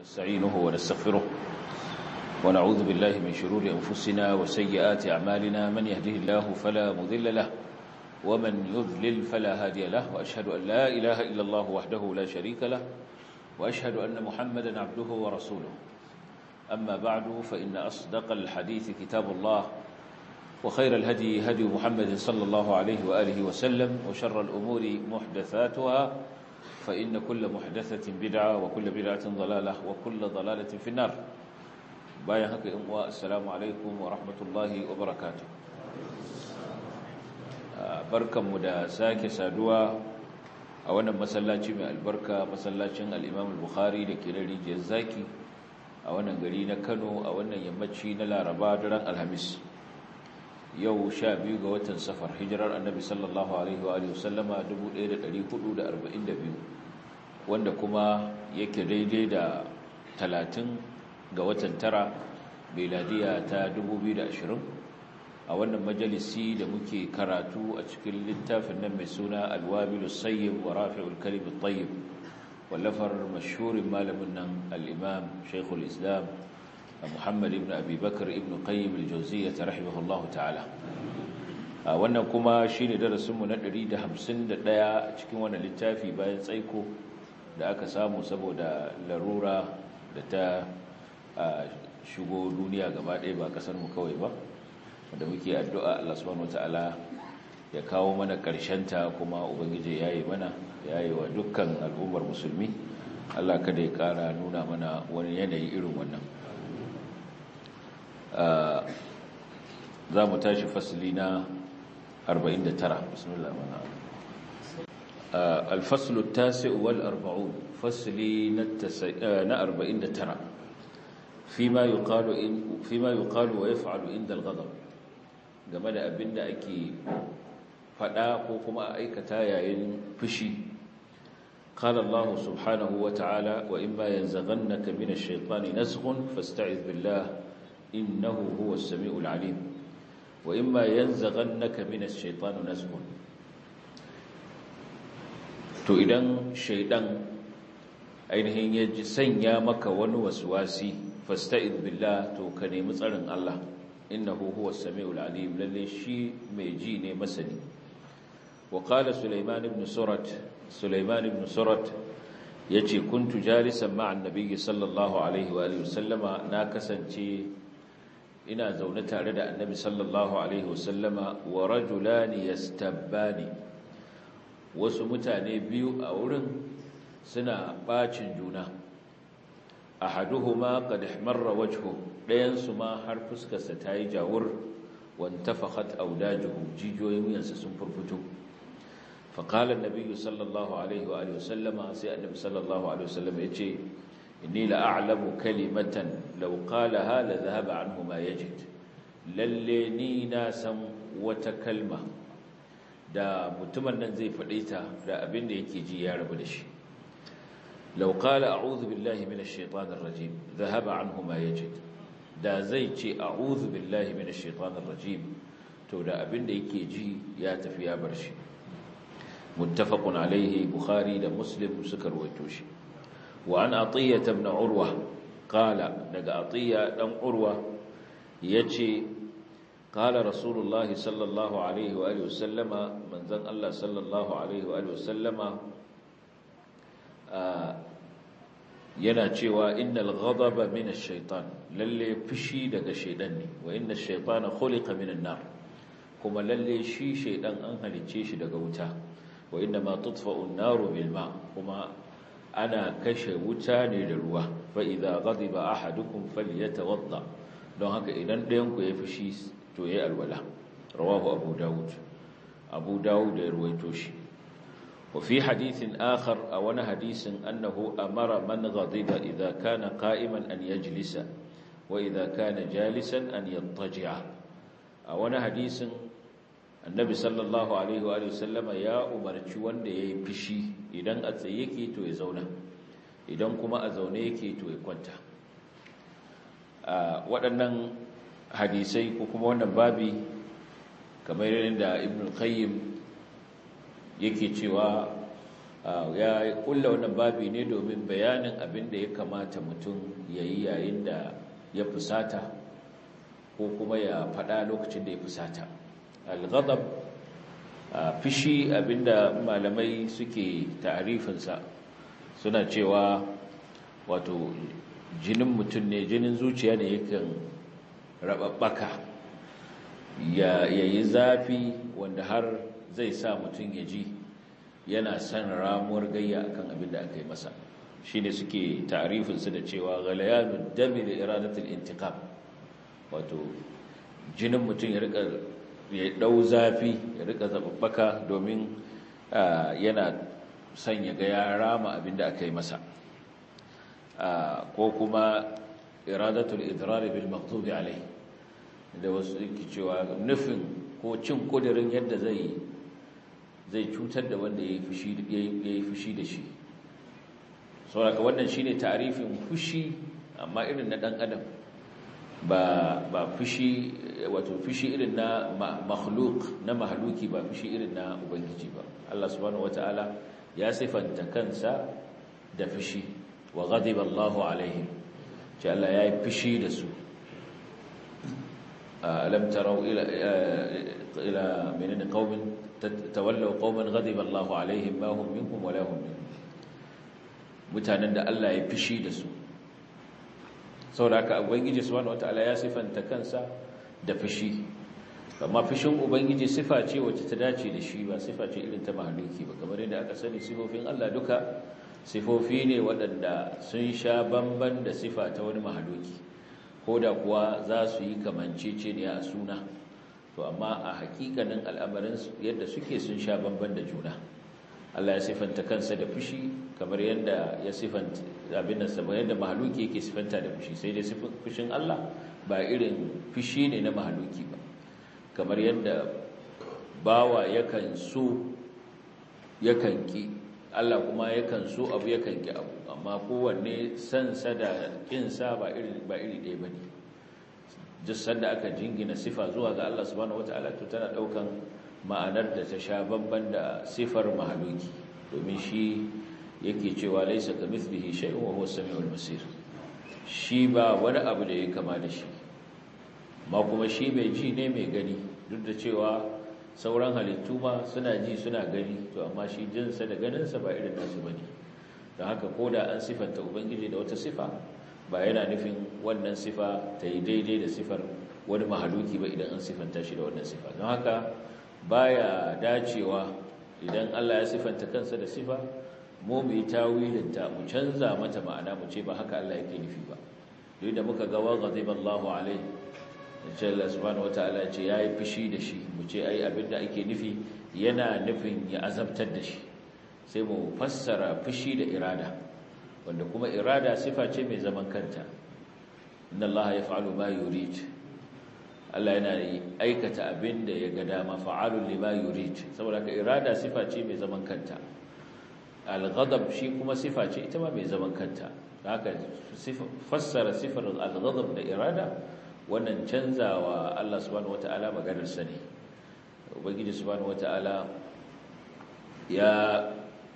نستعينه ونستغفره ونعوذ بالله من شرور أنفسنا وسيئات أعمالنا من يهده الله فلا مذل له ومن يذلل فلا هادي له وأشهد أن لا إله إلا الله وحده لا شريك له وأشهد أن محمدا عبده ورسوله أما بعد فإن أصدق الحديث كتاب الله وخير الهدي هدي محمد صلى الله عليه وآله وسلم وشر الأمور محدثاتها فإن كل محدثة بدعة وكل بدعة ضلالة وكل ضلالة في النار بايا هكا إمواء السلام عليكم ورحمة الله وبركاته بركة مدى ساكي سادوا أولا مسلاتي من البركة مسلاتي الإمام البخاري لكي لريجي الزاكي أولا قرينا كانوا أولا يمتشينا لا ربادرا الهمس yau sha biyu ga watan safar hijirar annabi sallallahu alaihi wa alihi wasallama 1442 wanda kuma yake daidai da 30 ga watan tara beladiya ta 2020 a wannan majalisi da muke karatu a cikin littafin nan mai suna alwabilu Sayyid wa rafi'ul kalim tayyib wallafar mashhurin malamin nan al-imam shaykhul islam muhammad ibn abi bakar ibn qayyim al-jawziyyah rahimahullahu ta'ala wannan kuma shine darasinmu na 151 a cikin wannan littafi bayan tsaiko da aka samu saboda larura da ta shigo duniya gaba ɗaya ba kasar mu kawai ba wanda muke addu'a Allah subhanahu wataala ya kawo mana ƙarshen ta kuma ubangiji yayi mana yayi wa dukkan al'ummar musulmi Allah kada ya ƙara nuna mana wani yanayi irin wannan za mu tashi fasli na 49 bismillah الفصل التاسع والأربعون فصل نتس... نأربع إن ترى فيما يقال, إن... فيما يقال ويفعل عند الغضب game da abin da ake faɗa ko kuma aikata yayin fushi قال الله سبحانه وتعالى وإما ينزغنك من الشيطان نزغ فاستعذ بالله innahu huwa as-sami'ul 'alim wa imma yanzaghannaka min ash-shaytanu nazghun to idan shaydan ainihin ya ji sanya maka wani waswasi fasta'id billah to ka nemi tsarin Allah innahu huwa as-sami'ul 'alim lalle shi mai ji ne masani wa qala sulaiman ibn surat sulaiman ibn surat yace kuntu jalisan ma'an nabiyyi sallallahu alaihi wa alihi wasallama na kasance ina zaune tare da annabi sallallahu alaihi wasallama wa rajulani yastabbani wasu mutane biyu a wurin suna bacin juna ahaduhuma qad ihmarra wajhu dayan su ma har fuskarsa ta yi jawur wantafakhat awdajuhu jijiyoyin wuyansa sun furfuto faqala an-nabi sallallahu alaihi wa alihi wasallama sai annabi sallallahu alaihi wasallama yace inni la'alamu kalimatan law qalaha la dhahaba anhu ma yajid lalle ni na san wata kalma da mutumin nan zai faɗe ta da abin da yake ji ya rabu da shi law qala a'udhu billahi minash shaitanir rajim dhahaba anhu ma yajid da zai ce a'udhu billahi minash shaitanir rajim to da abin da yake ji ya tafi ya bar shi muttafaqun alaihi bukhari da muslim suka rawaito shi wa an atiyya ibn urwa qala daga atiyya ɗan urwa yace qala rasulullahi sallallahu alaihi wa alihi wasallama manzon Allah sallallahu alaihi wa alihi ah, yana cewa innal ghadaba min ash-shaytan lalle fushi daga shaiɗan, ne wa inna ash-shaytana khuliqa kuma lalle shi shaiɗan an halice shi daga wuta wa inna ma tutfa'u an-naru bil ma kuma ana kashe wuta ne da ruwa fa idza ghadiba ahadukum falyatawadda don haka idan ɗayan ku ya fushi to yayi alwala rawahu abu daud abu daud da ruwaito shi wa fi hadithin akhar aw wani hadisin annahu amara man ghadiba idza kana qa'iman an yajlisa wa idza kana jalisan an yattaji'a a wani hadisin annabi sallallahu alaihi wa sallama ya umarci wanda yayi fushi idan a tsaye yake to ya zauna idan kuma a zaune yake to ya kwanta waɗannan hadisai ko kuma wannan babi kamar yadda ibn qayyim yake cewa ya kulla wannan babi ne domin bayanin abin da ya kamata mutum ya yi yayin da ya fusata ko kuma ya faɗa lokacin da ya fusata al A fishi abinda malamai suke ta'arifinsa suna cewa wato jinin mutum ne jinin zuciya ne yakan rababbaka ya yi zafi wanda har zai sa mutum ya ji yana son ramuwar gayya akan abinda aka yi masa shi ne suke ta'arifinsa da cewa galayanu dami da iradatul intikam wato jinin mutum ya rika ya dau zafi ya rika zababbaka domin yana son ya ga yarama abin da aka yi masa ko kuma iradatul idrar bil maghdubi alai da wasu yake cewa nufin ko cin kudirin yadda zai zai cutar da wanda yayi fushi yayi fushi da shi saboda wannan shine ta'rifin fushi amma irin na dan adam ba ba fushi wato fushi irin na makhluk na mahluki ba fushi irin na ubangiji ba Allah subhanahu wataala ya sifanta kansa da fushi wa ghadiba Allahu alaihi ce Allah ya yi fushi da su alam tarau ila ila qaumin qauman ghadiba Allahu alaihim ma hum minkum wala hum minkum mutanen da Allah ya fushi da su sauraka haka ubangiji subhanahu wataala ya sifanta kansa da fushi amma fushin ubangiji sifa ce wacce ta dace da shi ba sifa ce irin ta mahaluki ba kamar yadda aka sani sifofin Allah duka sifofi ne waɗanda sun sha bamban da sifa ta wani mahaluki ko da kuwa za su yi ne a suna to amma a hakikanin al'amarin yadda suke sun sha bamban da juna Allah ya sifanta kansa da fushi kamar yadda ya sifanta abin da sama yadda mahaluki yake sifanta da fushi sai dai fushin Allah ba irin fushi ne na mahaluki ba kamar yadda bawa yakan so yakan ki Allah kuma yakan so abu yakan ki abu amma kowanne san da kinsa ba irin ba iri ɗaya bane duk sanda aka jingina sifa zuwa ga Allah subhanahu wataala to tana daukan ma'anar da ta sha bamban da sifar mahaluki domin shi yake cewa laisa ka mithlihi shay'un wa huwa samiul basir shi ba wani abu da ya kama da shi ma kuma shi mai ji ne mai gani duk da cewa sauran halittu ma suna ji suna gani to amma shi sa da ganinsa ba irin nasu bane don haka ko da an sifanta ubangiji da wata sifa ba yana nufin wannan sifa ta yi daidai da sifar wani mahaluki ba idan an sifanta shi da wannan sifa don haka baya dacewa idan Allah ya sifanta kansa da sifa mu mu yi tawilinta mu canza mata ma'ana mu ce ba haka Allah yake nufi ba duk da muka ga wa ghadiballahu alaihi insha Allah subhanahu wataala ce yayi fushi da shi mu ce ai da ake nufi yana nufin ya azabtar da shi sai mu fassara fushi da irada wanda kuma irada sifa ce mai zaman kanta inna Allah yaf'alu ma yurid Allah yana aikata abin da ya ga dama fa'alun lima yurid saboda ka irada sifa ce mai zaman kanta al-ghadab shi kuma sifa ce ita ma mai zaman kanta haka fassara sifar al-ghadab da irada wannan canzawa Allah subhanahu wataala maganar sa ne ubangiji subhanahu wataala ya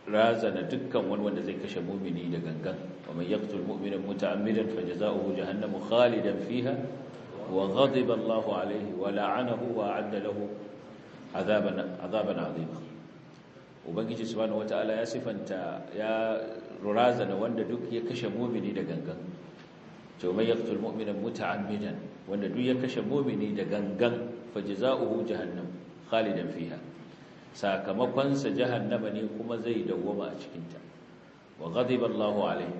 razana dukkan wani wanda zai kashe mumini da gangan wa man yaqtul mu'mina muta'ammidan fajza'uhu jahannamu khalidan fiha wa ghadiba Allahu alaihi wa la'anahu wa adda lahu azaban azaban azima ubangiji subhanahu wataala ya sifanta ya rurazana wanda duk ya kashe mu'mini da gangan to man yaqtul mu'mina muta'ammidan wanda duk ya kashe mu'mini da gangan fajza'uhu jahannam khalidan fiha sakamakon sa jahannama ne kuma zai dawwama a cikin ta wa ghadiba Allahu alaihi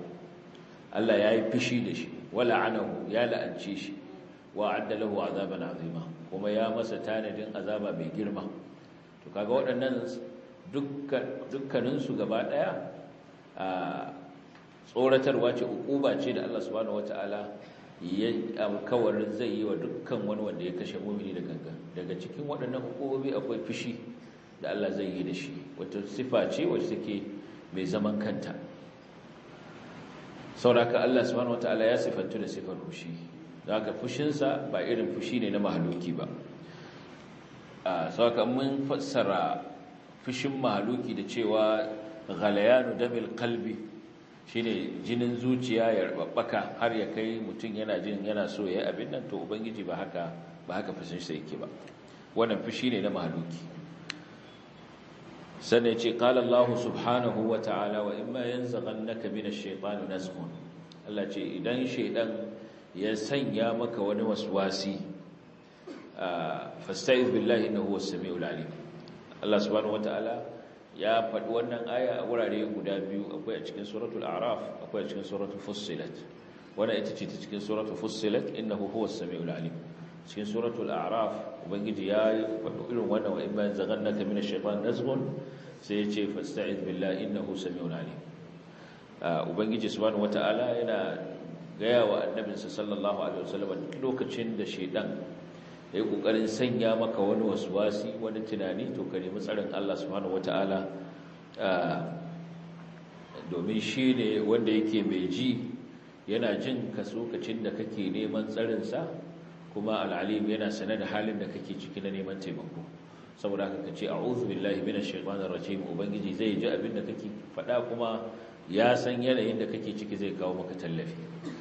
Allah yayi fishi da shi wala anahu ya la'anci shi wa'adda lahu azaban azima kuma ya masa tanadin azaba mai girma to kaga waɗannan dukkanin gaba ɗaya a tsoratarwa ce ukuba ce da Allah subhanahu wataala ya alkawarin zai yi wa dukkan wani wanda ya kashe mumini da ganga daga cikin waɗannan hukumomi akwai fushi da Allah zai yi da shi wata sifa ce wacce take mai zaman kanta sauraka Allah subhanahu wataala ya sifantu da sifar fushi za ka fushinsa ba irin fushi ne na mahaluki ba sauka mun fassara fushin mahaluki da cewa ghalayanu damil kalbi shine jinin zuciya ya rababbaka har ya kai mutum yana jin yana so ya abin nan to ubangiji ba haka ba haka fushin sa yake ba wannan fushi ne na mahaluki sannan ya ce qala Allah subhanahu wa ta'ala wa imma yanzaghannaka minash shaitani nazghun Allah ce idan shaiɗan. ya sanya maka wani waswasi ah, fasta'iz billahi innahu was-sami'ul alim Allah subhanahu wataala ya faɗi wannan aya a wurare guda biyu akwai a cikin suratul a'raf akwai a cikin suratul fussilat wannan ita ce ta cikin suratul fussilat innahu huwas-sami'ul alim cikin suratul a'raf ubangiji ya faɗi irin wannan wa imma zagannaka minash shaitan nazghun sai ya ce fasta'iz billahi innahu sami'ul alim ah, ubangiji subhanahu wataala yana gaya wa annabinsa sallallahu alaihi wasallam duk lokacin da shedan ya yi kokarin sanya maka wani waswasi wani tunani to ka nemi tsarin Allah subhanahu wataala domin shi ne wanda yake mai ji yana jin ka da kake neman tsarin sa kuma al'alim yana sanar da halin da kake ciki na neman taimako saboda haka ce a'udhu billahi minash shaitanir rajim ubangiji zai ji abin da kake faɗa kuma ya san yanayin da kake ciki zai kawo maka tallafi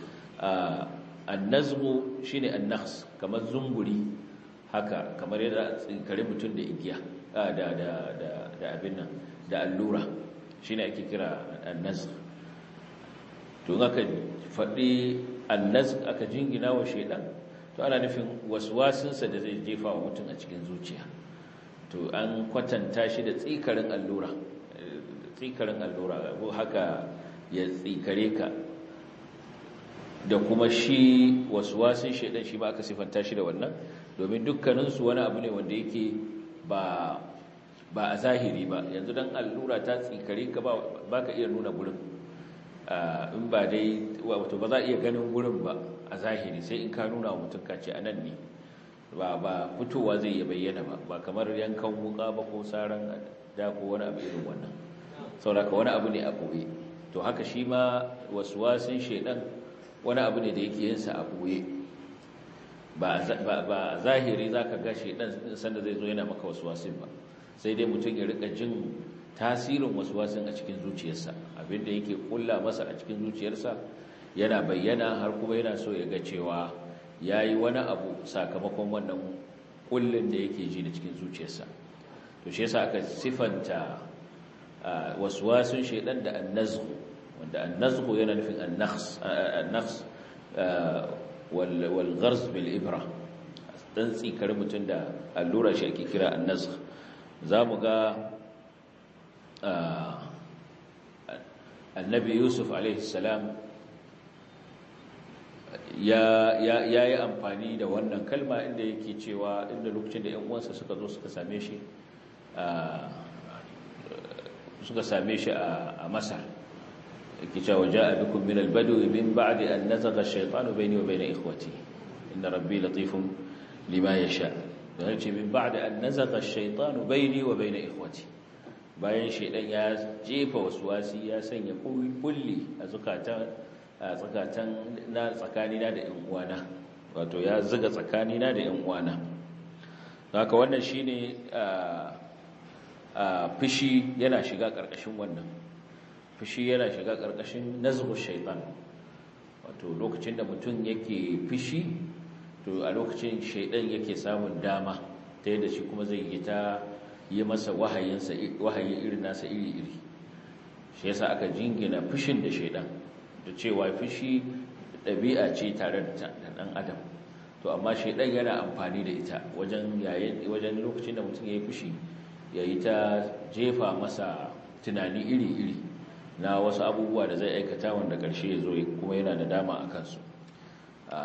annazmu shine annakhs kamar zunguri haka kamar yadda tsinkare mutum da igiya da da da da abin nan da allura shine ake kira annazm to aka faɗi annazm aka jingina wa shedan to ana nufin waswasinsa da zai jefa wa mutum a cikin zuciya to an kwatanta shi da tsikarin allura tsikarin allura ko haka ya tsikare ka da kuma shi wasu shaidan shi ma aka sifanta shi da wannan domin dukkaninsu wani abu ne wanda yake ba a zahiri ba yanzu don allura ta tsikari, ka ba ka iya nuna gurin in ba dai wato ba za a iya ganin gurin ba a zahiri sai in ka nuna wa mutum ka a nan ne ba fitowa zai iya bayyana ba ba kamar yankan wuka ba ko saran da ko wani abu irin wannan sauraka wani abu ne a koyi to haka shi ma wasan shaidan wani abu ne da yake yin sa a boye ba a zahiri ka ga dan sanda zai zo yana maka waswasin ba sai dai mutum ya rika jin tasirin wasin a cikin zuciyarsa abinda yake kulla masa a cikin zuciyarsa yana bayyana har kuma yana so ya ga cewa ya yi wani abu sakamakon wannan kullun da yake ji da cikin zuciyarsa to shi yasa aka sifanta ah, waswasin shaiɗan da annazgu da annasku yana nufin annaks eh, eh, walgarz bil ibra dan tsikar mutum da allura shi ake kira annask za mu ga eh, annabi yusuf alaihissalam ya yi amfani da wannan kalma inda yake cewa inda lokacin da 'yan uwansa suka zo suka same shi suka same shi a masar yake cewa ja'a bikum min al-badwi min ba'di an nazaga ash-shaytanu bayni wa bayna ikhwati inna rabbi latifun lima yasha da yace min ba'di an nazaga ash-shaytanu bayni wa bayna ikhwati bayan shaydan ya jefa waswasi ya sanya kulli a zakatan a zakatan na tsakanina da ƴan uwana wato ya zuga tsakanina da ƴan uwana haka wannan shine a fushi yana shiga ƙarƙashin wannan fushi yana shiga ƙarƙashin nazgu shaitan wato lokacin da mutum yake fushi to a lokacin shaitan yake samun dama ta yadda shi kuma zai yi ta yi masa wahayi irin nasa iri iri shi yasa aka jingina fushin da shaitan da cewa fushi ɗabi'a ce tare da ɗan adam to amma shaitan yana amfani da ita wajen wajen lokacin da mutum ya yi fushi ya yi ta jefa masa tunani iri-iri na wasu abubuwa da zai aikata wanda ƙarshe ya zo kuma yana da dama a kansu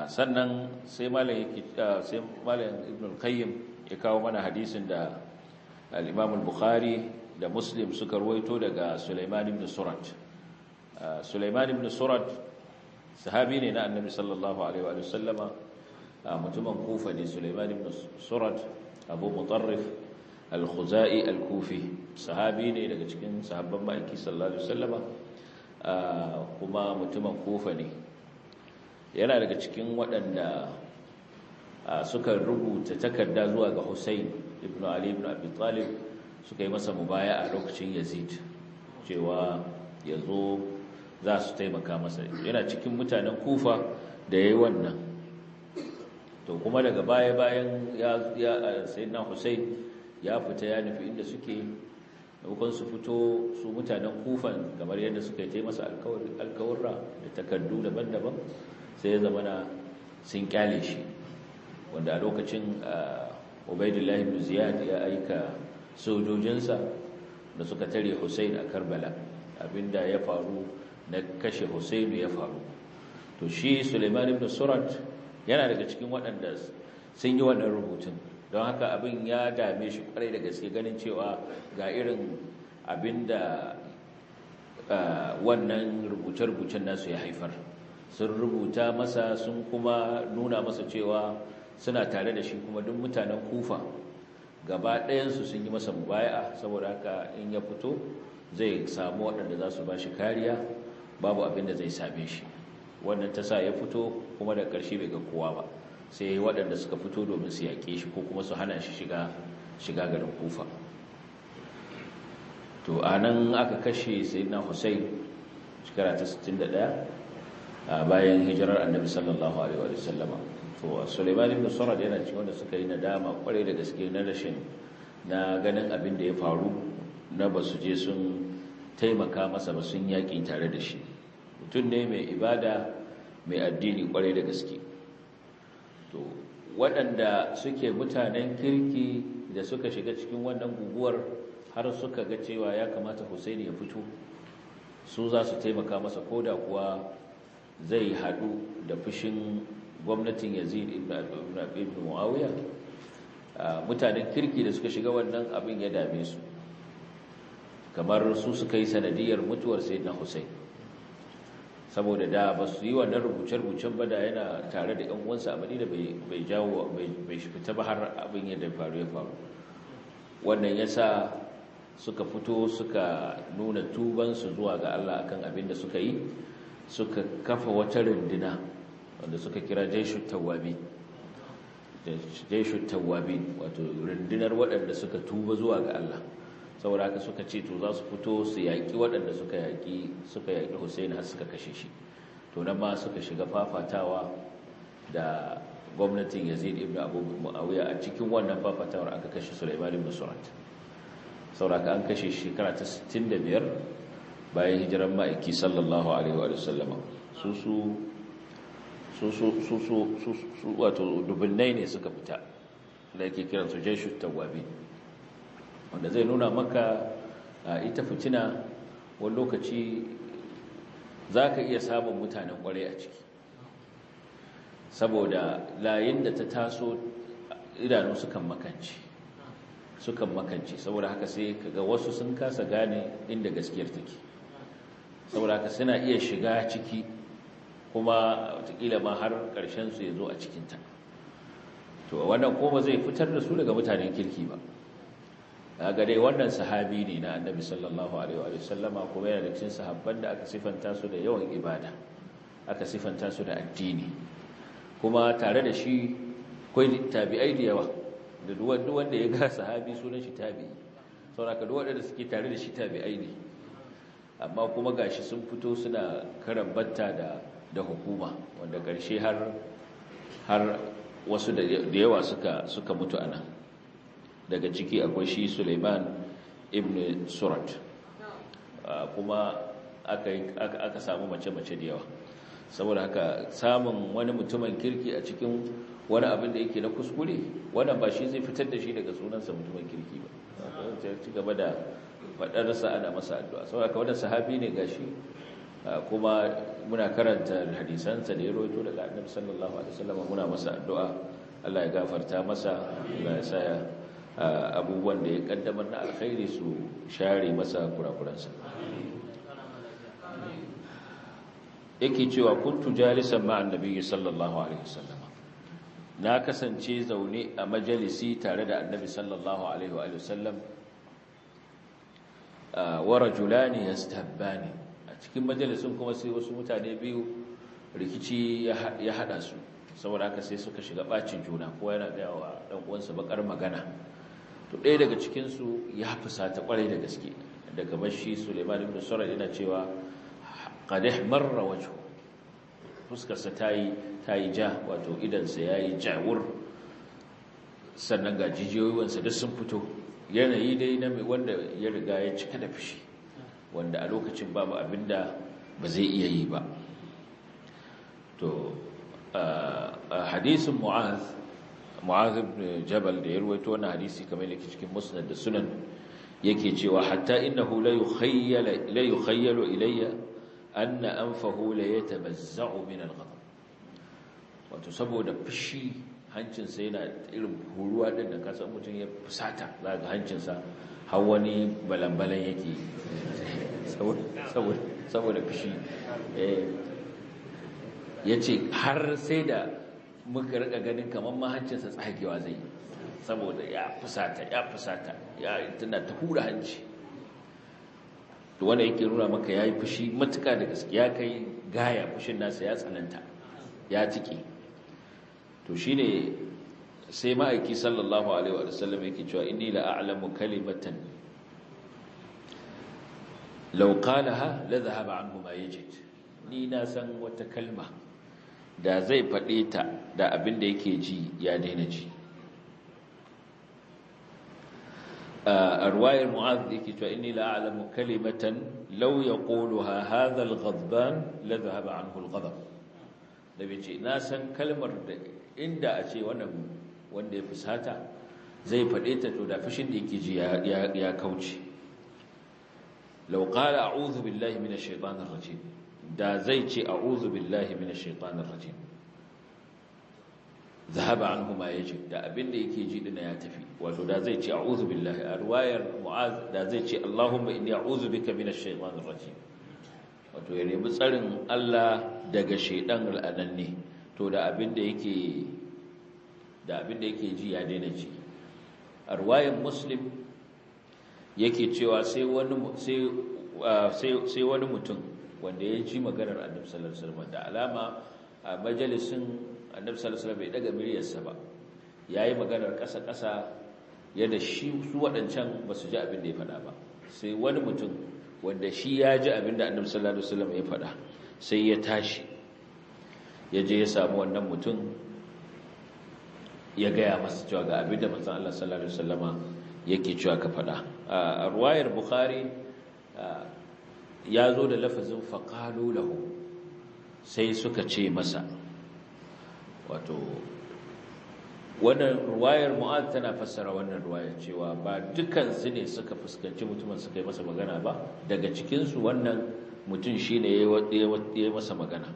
sannan sai malayin ibn qayyim ya kawo mana hadisin da al'imam bukhari da muslim suka ruwaito daga suleiman ibn surat suleiman ibn surat sahabi ne na annabi sallallahu alaihi wa sallama mutumin kufa ne suleiman ibn surat abu mutarrif al-khuzai al-kufi sahabi ne daga cikin sahabban ma'aiki sallallahu alaihi wasallama kuma mutumin kofa ne yana daga cikin waɗanda suka rubuta takarda zuwa ga Hussein ibn Ali ibn Abi Talib suka yi masa mubaya a lokacin Yazid cewa yazo za su taimaka masa yana cikin mutanen Kufa da yayi wannan to kuma daga baya bayan ya sayyidina Hussein ya fita ya nufi inda suke daukan su fito su mutanen kufan kamar yadda suka yi masa alkawarra da takardu daban-daban sai ya zama na sun kyale shi wanda a lokacin ubaidullahi ibn ya aika sojojinsa da suka tare hussein a karbala abinda ya faru na kashe hussein ya faru to shi suleiman ibn surat yana daga cikin waɗanda sun yi wannan rubutun don haka abin ya dame shi kwarai da gaske ganin cewa ga irin abin da wannan rubuce-rubucen nasu ya haifar sun rubuta masa sun kuma nuna masa cewa suna tare da shi kuma duk mutanen kufa gaba ɗayansu sun yi masa mubaya saboda haka in ya fito zai samu waɗanda za su ba shi kariya babu abin da zai same shi wannan ta sa ya fito kuma da ƙarshe bai ga kowa ba sai waɗanda suka fito domin su yaƙe shi ko kuma su hana shi shiga garin kufa to a nan aka kashe sayyidina hussein shekara ta 61 a bayan hijirar annabi sallallahu alaihi wa sallama to suleiman ibn sarad yana cikin wanda suka yi nadama kwarai da gaske na rashin na ganin abin da ya faru na basu je sun taimaka masa ba sun yaƙi tare da shi mutum ne mai ibada mai addini kwarai da gaske to waɗanda suke mutanen kirki da suka shiga cikin wannan guguwar har suka ga cewa ya kamata Hussaini ya fito su za su taimaka masa ko da kuwa zai haɗu da fushin gwamnatin Yazid ibn Abi Muawiya mutanen kirki da suka shiga wannan abin ya dame su kamar su suka yi sanadiyar mutuwar Sayyidina Husaini saboda da ba su yi wannan rubuce-rubucen ba da yana tare da yan uwansa a madina bai jawo bai fita ba har abin yadda faru ya faru wannan ya sa suka fito suka nuna tubansu zuwa ga Allah akan abin da suka yi suka kafa wata rundina wanda suka kira jaishu tawabi jaishu tawabi wato rundunar waɗanda suka tuba zuwa ga Allah saboda haka suka ce to za su fito su yaƙi waɗanda suka yaƙi suka yaƙi Hussein har suka kashe shi to nan ma suka shiga fafatawa da gwamnatin Yazid ibn Abu Muawiya a cikin wannan fafatawar aka kashe Sulaiman ibn Surat saboda haka an kashe shekara ta 65 bayan hijiran ma'aiki sallallahu alaihi wa sallama su su su su su su wato dubunnai ne suka fita da yake kiransu jaishu tawabin wanda zai nuna maka a ita fitina wani lokaci za ka iya samun mutanen kwarai a ciki saboda layin da ta taso idanu sukan makanci sukan makanci saboda haka sai kaga wasu sun kasa gane inda gaskiyar take saboda haka suna iya shiga ciki kuma watakila ma har ƙarshen su ya zo a cikinta to wannan koma zai fitar da su daga mutanen kirki ba ga dai wannan sahabi ne na annabi sallallahu alaihi wa sallama kuma yana da cikin sahabban da aka sifanta su da yawan ibada aka sifanta su da addini kuma tare da shi koi tabi'ai da yawa da duwan da ya ga sahabi sunan shi tabi'i sauraka duwan da suke tare da shi tabi'ai ne amma kuma gashi sun fito suna karambanta da da hukuma wanda karshe har har wasu da yawa suka suka mutu anan daga ciki akwai shi Suleiman ibn Surat kuma aka samu mace-mace da yawa saboda haka samun wani mutumin kirki a cikin wani abin da yake na kuskure wannan ba shi zai fitar da shi daga sunansa mutumin kirki ba a ci gaba da faɗarsa ana masa addu'a saboda haka sahabi ne ga shi. kuma muna karanta hadisansa da ya roto daga annabi sallallahu alaihi wasallam muna masa addu'a Allah ya gafarta masa Allah ya saya abubuwan da ya kaddamar na alkhairi su share masa kurakuransa yake cewa kuntu jalisan ma'an biyu, sallallahu alaihi wasallam na kasance zaune a majalisi tare da annabi sallallahu alaihi wasallam wa rajulani yastabbani a cikin majalisin kuma sai wasu mutane biyu rikici ya hada su saboda haka sai suka shiga bacin juna kowa yana da wa dan uwansa bakar magana to ɗaya daga cikinsu ya fusata ƙwarai da gaske daga mashi suleiman ibn sura yana cewa qadih marra wajhu fuskarsa ta yi ja wato idansa yi jawur sannan ga jijiyoyinsa duk sun fito yanayi dai na mai wanda ya riga ya cika da fushi wanda a lokacin babu abin da ba zai iya yi ba to hadisin mu'az mu'azib jabal da ya ruwaito wannan hadisi kamar yake cikin musnad da sunan yake cewa hatta innahu la yukhayyala la yukhayyalu ilayya anna anfahu la yatamazza'u min al-ghadab wato saboda fushi hancinsa yana irin huruwa din da mutum ya fusata za ga hancinsa har wani balambalan yake saboda fushi eh, ya ce har sai da muka rika ganin kamar mahancinsa tsagewa zai yi saboda ya fusata ya fusata ya tana ta hura hanci to wanda yake nuna maka yayi fushi matuka da gaskiya kai gaya fushin nasa ya tsananta ya tiki to shine sai ma'aiki sallallahu alaihi wa sallam yake cewa inni la a'lamu kalimatan law qalaha la dhahaba anhu ma ni na san wata kalma da zai faɗe ta da abin da yake ji ya daina ji a ruwayar mu'az yake cewa inni la'alamu kalimatan lauya yaquluha hadha al-ghadban la dhahaba anhu da ce na san kalmar da inda a ce wannan wanda ya fusata zai faɗe ta to da fushin da yake ji ya kauce law qala a'udhu billahi minash shaitanir rajim da zai ce a'udhu billahi mini shaitanir rajin zahaba anhu ya ce. da abinda yake ji dina ya tafi wato da zai ce a'udhu billahi a ruwayar mu'az da zai ce allahumma inni a'udhu bika mini shaitanir rajin wato ya nemi tsarin Allah daga shaidan ne, to da abinda yake da abinda yake ji ya daina ji a ruwayar muslim yake cewa sai wani ah, mutum wanda ya ji maganar annabi sallallahu alaihi wasallam da alama a majalisin annabi sallallahu alaihi wasallam bai daga miryarsa ba yayi maganar kasa-kasa, yadda shi su waɗancan ba su ji abin da ya faɗa ba sai wani mutum wanda shi ya ji abin da annabi sallallahu alaihi wasallam ya faɗa sai ya tashi ya je ya samu wannan mutum ya gaya masa cewa ga abin da manzon Allah sallallahu alaihi wasallama yake cewa ka faɗa a ruwayar bukhari ya zo da lafazin faƙalu lahu sai suka ce masa wato wannan ruwayar mu'ad tana fassara wannan ruwayar cewa ba dukansu ne suka fuskanci mutumin suka yi masa magana ba daga cikinsu wannan mutum shi ne ya yi masa magana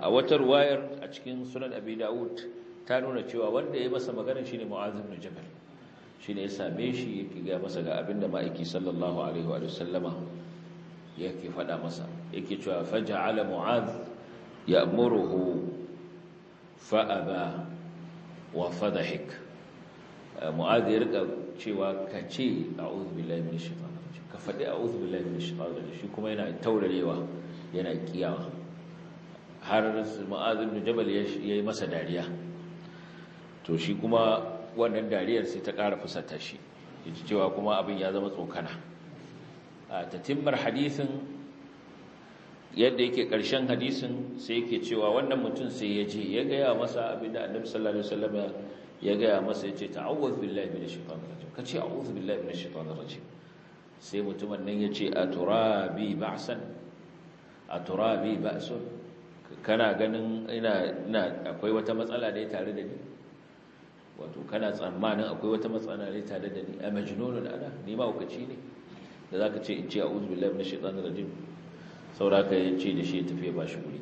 a wata ruwayar a cikin sunan abu da'ud ta nuna cewa wanda ya yi masa magana shi ne mu'azin na jabal shi ne ya same shi ya ga masa ga abin da ma'aiki sallallahu alaihi wa sallama yake faɗa masa yake cewa faja'ala mu'adh ya'muruhu fa'aba wa fadhahik eh, mu'adh ya cewa ka ce a'udhu billahi minash shaitanir rajim ka faɗi a'udhu billahi minash shaitanir rajim shi kuma yana taurarewa yana kiyawa har mu'adh ibn jabal yayi masa dariya to shi kuma wannan dariyar sai ta ƙara fusata shi yace cewa kuma abin ya zama tsokana tatimmar ah, hadisin yadda yake ƙarshen hadisin sai yake cewa wannan mutum sai ya je ya gaya masa abin da annabi sallallahu alaihi wasallam ya gaya masa ya ce ta'awwaz billahi minash shaitanir rajim ka ce a'udhu billahi minash shaitanir rajim sai mutumin nan ya ce aturabi ba'san aturabi ba'sun kana ganin ina ina akwai wata matsala da ya tare da ni wato kana tsammanin akwai wata matsala da ya tare da ni a majnunun ana ni ma ukaci ne da za ka ce in ce a uzu billahi na shaitanin rajim saura ka yi ce da shi tafiya ba shi wuri.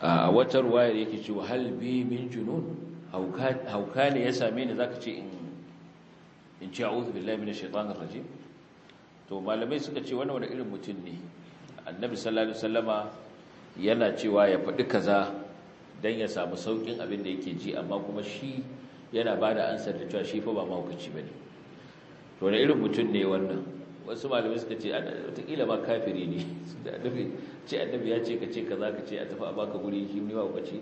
a wata ruwayar yake ce wa halbi min junun hauka ne ya same ni za ka ce in ce a uzu billahi na shaitanin rajim to malamai suka ce wani wani irin mutum ne annabi sallallahu Sallama yana cewa ya faɗi kaza don ya samu sauƙin abin da yake ji amma kuma shi yana ba da ansar da cewa shi fa ba mahaukaci ba ne to wani irin mutum ne wannan wasu malamai suka ce watakila ma kafiri ne ce annabi ya ce ka ce ka za ka ce a tafi a baka guri shi ne wa ne wasu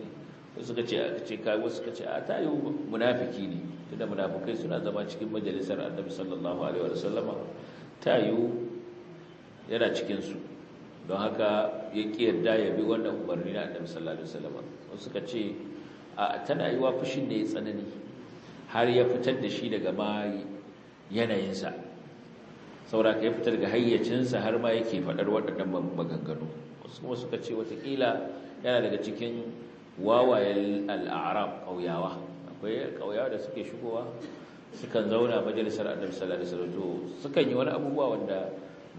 suka ce a ce ka wasu suka ce a ta yi munafiki ne tunda munafikai suna zama cikin majalisar annabi sallallahu alaihi wa sallama ta yi yana cikinsu don haka ya ƙi yarda ya bi wannan umarni na annabi sallallahu alaihi wa sallama wasu suka ce a tana yi wa fushin ne ya tsanani har ya fitar da shi daga mayi yanayinsa saura ka ya fitar ga hayyacinsa har ma yake faɗar waɗannan maganganu wasu kuma suka ce watakila yana daga cikin wawayen al'arab ƙauyawa akwai ƙauyawa da suke shigowa sukan zauna majalisar annabi sallallahu alaihi wasallam sukan yi wani abubuwa wanda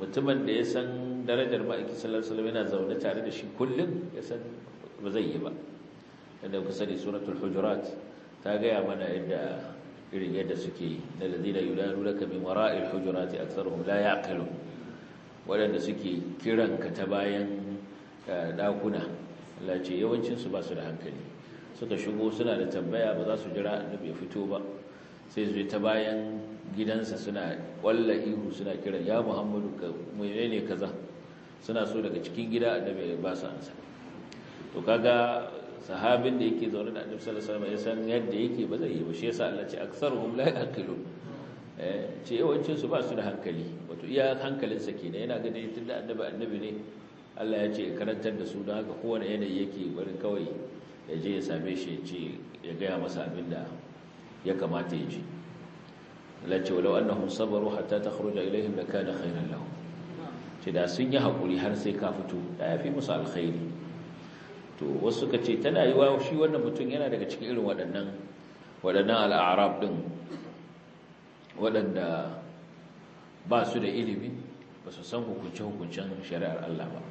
mutumin da ya san darajar ma'aiki sallallahu alaihi yana zaune tare da shi kullum ya san ba zai yi ba inda sani suratul hujurat ta gaya mana yadda irin yadda suke yi alladhina yudanunaka kamin wara'il hujurati aktharuhum la kano waɗanda suke kiran ka ta bayan eh, ɗakuna lace yawancinsu ba su da hankali suka shigo suna da tambaya ba za su jira annabi bai fito ba sai zai ta bayan gidansa suna walla ihu suna kiran ya muhammadu ka ne kaza suna so daga cikin gida da bai ba su ansa to kaga sahabin da yake zaune da annabi sallallahu alaihi wasallam ya san yadda yake ba zai yi ba shi yasa Allah ce aktsaruhum la yaqilun eh ce yawancin su ba su da hankali wato iya hankalin sa kenan yana ganin tunda annabi annabi ne Allah ya ce karantar da su don haka kowane yanayi yake barin kawai ya je ya same shi ya ce ya gaya masa abin da ya kamata ya ji Allah ce walau annahum sabaru hatta takhruja ilaihim lakana khairan lahum ce da sun yi hakuri har sai ka fito da ya fi musu alkhairi to wasu ka ce tana yi wa shi wannan mutum yana daga cikin irin waɗannan waɗannan al'arab ɗin waɗanda ba su da ilimi ba su san hukunce-hukuncen shari'ar Allah ba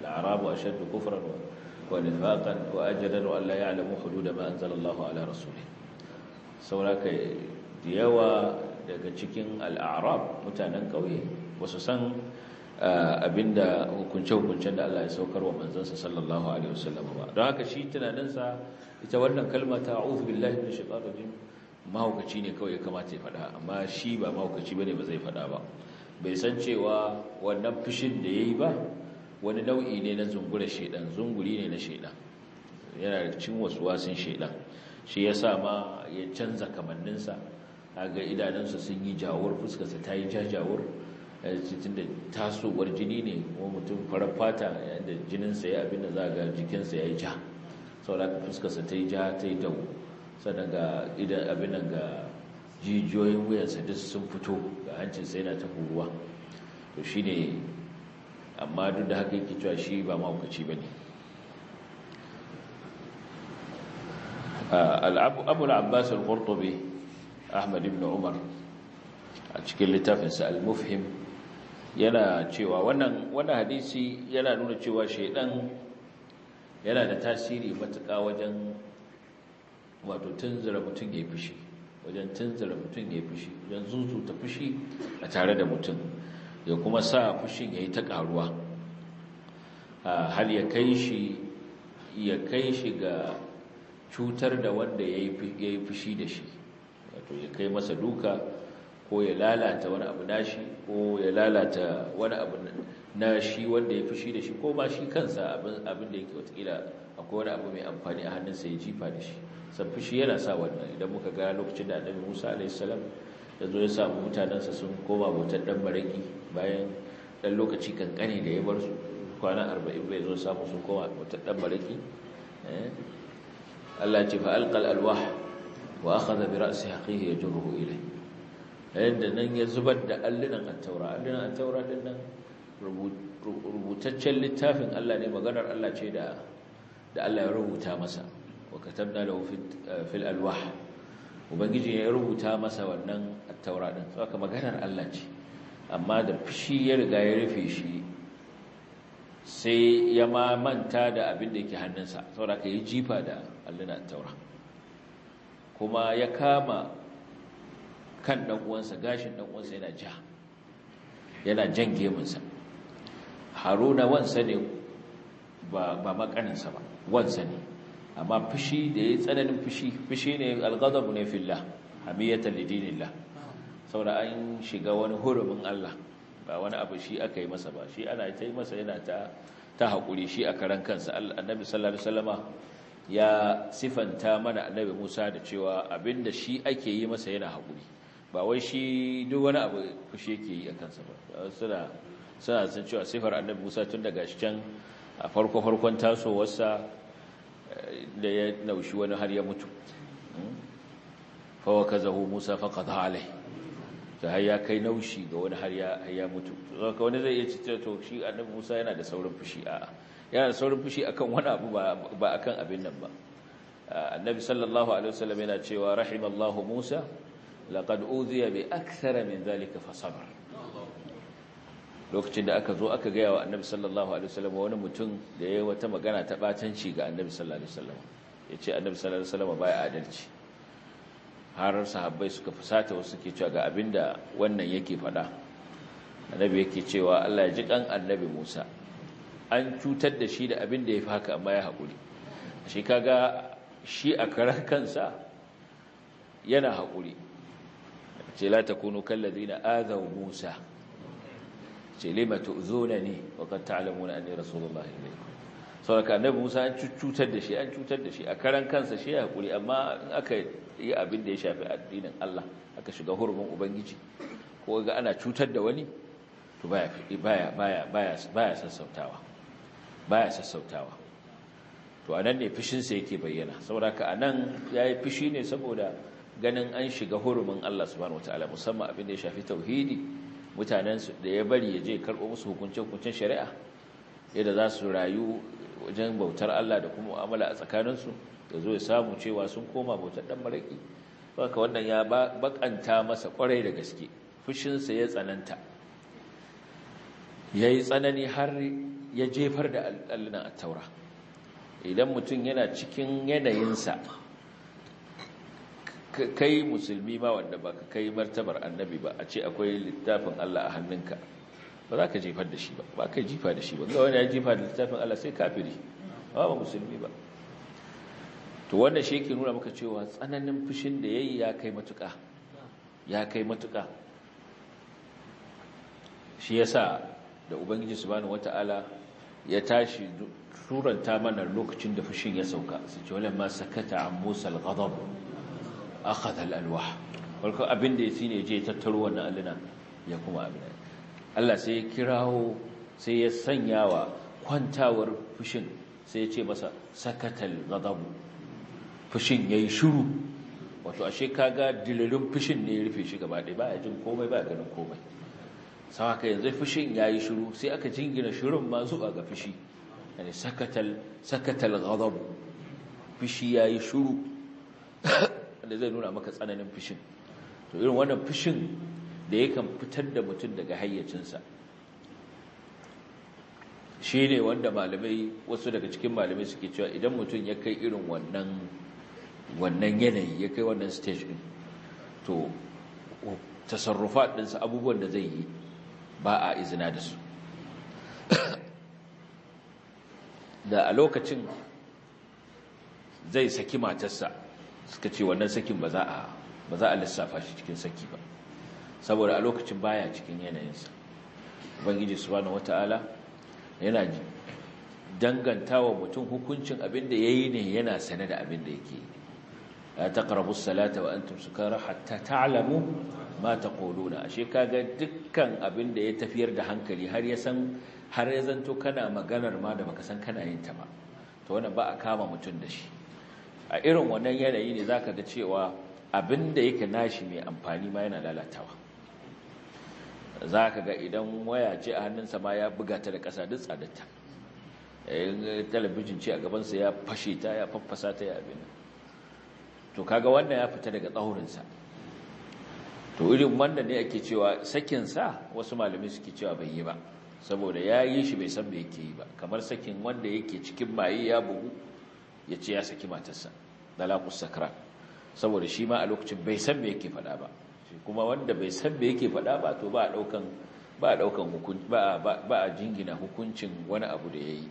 al'arabu a shaddu kufran wa nifaƙan wa ajiyar wa Allah ya alamu hudu da ma'anzalallahu ala rasuli sauraka da yawa daga cikin al'arab mutanen ƙauye ba su san Eh, abinda hukunce-hukuncen da Allah ya saukar wa manzansa sallallahu alaihi wasallam ba don haka shi tunaninsa ita wannan kalma ta billahi minash shaitanir rajim mahaukaci ne kawai ya kamata ya faɗa amma shi ba mahaukaci bane ba zai faɗa ba bai san cewa wannan fushin da yayi ba wani nau'i ne na zungura shedan zunguri ne na shedan yana da cin wasu wasin shedan shi ya sa ma ya canza kamanninsa ga idanunsa sun yi jawur fuskarsa ta yi jajawar cikin eh, da tasowar jini ne kuma mutum farar fata yayin da jininsa ya abin da za ga jikinsa ya yi ja saboda fuskarsa ta yi ja ta yi dau sannan ga idan abin ga jijiyoyin wuyansa duk sun fito ga hancinsa yana ta huruwa to shi ne amma duk da haka yake cewa shi ba mahaukaci ba ne ah, abul abbas al-qurtubi ahmad ibn umar a cikin littafinsa al-mufhim yana cewa wannan wannan hadisi yana nuna cewa shaidan yana da tasiri matuƙa wajen wato tunzura mutum ya fushi wajen tunzura mutum ya fushi wajen ta fushi a tare da mutum ya kuma sa fushin ya yi ta ƙaruwa har ya kai shi ya kai shi ga cutar da wanda ya yi fushi da shi wato ya kai masa duka ko ya lalata wani abu nashi ko ya lalata wani abu na shi wanda ya fushi da shi ko ba shi kansa abin da yake watakila akwai wani abu mai amfani a hannunsa ya jifa da shi san fushi yana sa wannan idan muka ga lokacin da annabi musa alaihissalam ya zo ya samu mutanensa sun koma bautar dan bayan dan lokaci kankani da ya bar su kwana arba'in bai zo samu sun koma bautar dan eh? Allah ce fa alqal alwah wa akhadha bi ra'si haqihi yajruhu ilayhi Yadda nan ya zubar da allinan attaura allinan attaura din nan rubutaccen littafin Allah ne maganar Allah ce da da Allah ya rubuta masa wa katabna lahu eh, fil alwah ubangiji ya rubuta masa wannan attaura din saka maganar Allah ce amma da fushi ya riga ya rufe shi sai ya mamanta manta da abin da yake hannunsa saboda ka yi jifa da allinan attaura kuma ya kama kan dan uwansa gashin ɗan uwansa yana ja yana jan gemunsa haruna wansa ne ba makaninsa ba wansa ne amma fushi da ya tsananin fushi fushi ne alghadabu ne fillah hamiyatan sau da an shiga wani hurumin Allah ba wani abu shi aka yi masa ba shi ana ta yi masa yana ta ta haƙuri shi a karan kansa annabi sallallahu alaihi ya sifanta mana annabi Musa da cewa abinda shi ake yi masa yana haƙuri ba wai shi duk wani abu kushi yake yi a kansa ba suna suna san cewa sifar annabi musa tun daga shi can a farko farkon tasowarsa eh, da ya naushi wani har ya mutu hmm? fawa kazahu musa faqada alai ta har ya kai naushi ga wani har ya mutu zaka wani zai iya cewa to shi annabi musa yana da saurin fushi a'a yana da saurin fushi akan wani abu ba akan abin nan ba ah, annabi sallallahu alaihi wasallam yana cewa rahimallahu musa laqad uziya bi akthara min zalika fa lokacin da aka zo aka gaya wa annabi sallallahu alaihi wasallam wani mutum da yayi wata magana ta batanci ga annabi sallallahu alaihi wasallam yace annabi sallallahu alaihi wasallam baya adalci har sahabbai suka fusata wasu suke cewa ga abinda wannan yake fada annabi yake cewa Allah ya ji kan annabi Musa an cutar da shi da abinda ya fi haka amma ya hakuri shi kaga shi a karar kansa yana haƙuri. ce la takunu na azaw Musa ce lima ne wa qad ta'lamuna anni rasulullahi ilaykum saboda na Musa an cutar da shi an cutar da shi a karan kansa shi ya haƙuri, amma in aka yi abin da ya shafi addinin Allah aka shiga hurumin ubangiji ko ga ana cutar da wani to baya sassautawa baya sassautawa to anan ne fishinsa yake bayyana saboda ka ya yi fishi ne saboda ganin an shiga hurumin Allah subhanahu wataala musamman abin da ya shafi tauhidi mutanen su da ya bari ya je karɓo musu hukuncin hukuncin shari'a yadda za su rayu wajen bautar Allah da kuma mu'amala a tsakanin su da zo ya samu cewa sun koma bautar dan maraki haka wannan ya bakanta masa kwarai da gaske fushin sa ya tsananta yayi tsanani har ya jefar da allunan at-taura idan mutum yana cikin yanayinsa kai musulmi ma wanda ba ka kai martabar annabi ba a ce akwai littafin Allah a hannunka ba za ka jefar da shi ba ba ka jifa da shi ba ga wani ya jifa da littafin Allah sai kafiri ba ba musulmi ba to wannan shi yake nuna maka cewa tsananin fushin da yayi ya kai matuƙa ya kai matuƙa shi yasa da ubangiji subhanahu wataala ya tashi turanta mana lokacin da fushin ya sauka su ce wala ma sakata an musal ghadab akhadha al farko abin da yace ne je tattaro wannan alluna ya kuma abin Allah sai ya kirawo sai ya sanyawa kwantawar fushin sai ya ce masa sakatal ghadabu fushin yi shiru wato ashe kaga dilalin fushin ne ya rufe shi gaba ɗaya ba jin komai ba ganin komai sau haka yanzu fushin ya yi shiru sai aka jingina shirin ma zuwa ga fushi yani sakatal sakatal ghadab fushi ya yi shiru da zai nuna maka tsananin fushin to irin wannan fushin da yakan fitar da mutum daga hayyacinsa shi ne wanda malamai wasu daga cikin malamai suke cewa idan mutum ya kai irin wannan wannan yanayi ya kai wannan stage din to tasarrufa ɗinsa abubuwan da zai yi ba a izina da su da a lokacin zai saki matarsa suka ce wannan sakin ba za a lissafa shi cikin saki ba saboda a lokacin baya cikin yanayinsa ubangiji subhanahu wata'ala yana dangantawa mutum hukuncin abin da yi ne yana sane da abin da yake Ya ta karabu salata wa antum sukara hatta ta'alamu ma taquluna ashe shekaga dukkan abin da ya tafiyar da hankali har ya san har ya zanto kana maganar ma da baka san kana yin ta ba Ta wannan ba a kama mutum da shi a irin wannan yanayi ne zaka ga cewa abinda da yake nashi mai amfani ma yana lalatawa zaka ga idan waya ce a hannunsa ma ya buga ta da ƙasa duk tsadarta eh, talabijin ce a gabansa ya fashe ta ya faffasa ta ya abin to kaga wannan ya fita daga tsaurinsa to irin wannan ne ake cewa sakinsa wasu malami suke cewa bai yi ba saboda ya yi shi bai san me yake yi ba kamar sakin wanda yake cikin maye ya bugu ya ce ya saki matarsa dalakus sakran saboda shi ma a lokacin bai san me yake faɗa ba kuma wanda bai san me yake faɗa ba to ba a ɗaukan ba a ɗaukan hukunci ba ba a jingina hukuncin wani abu da yayi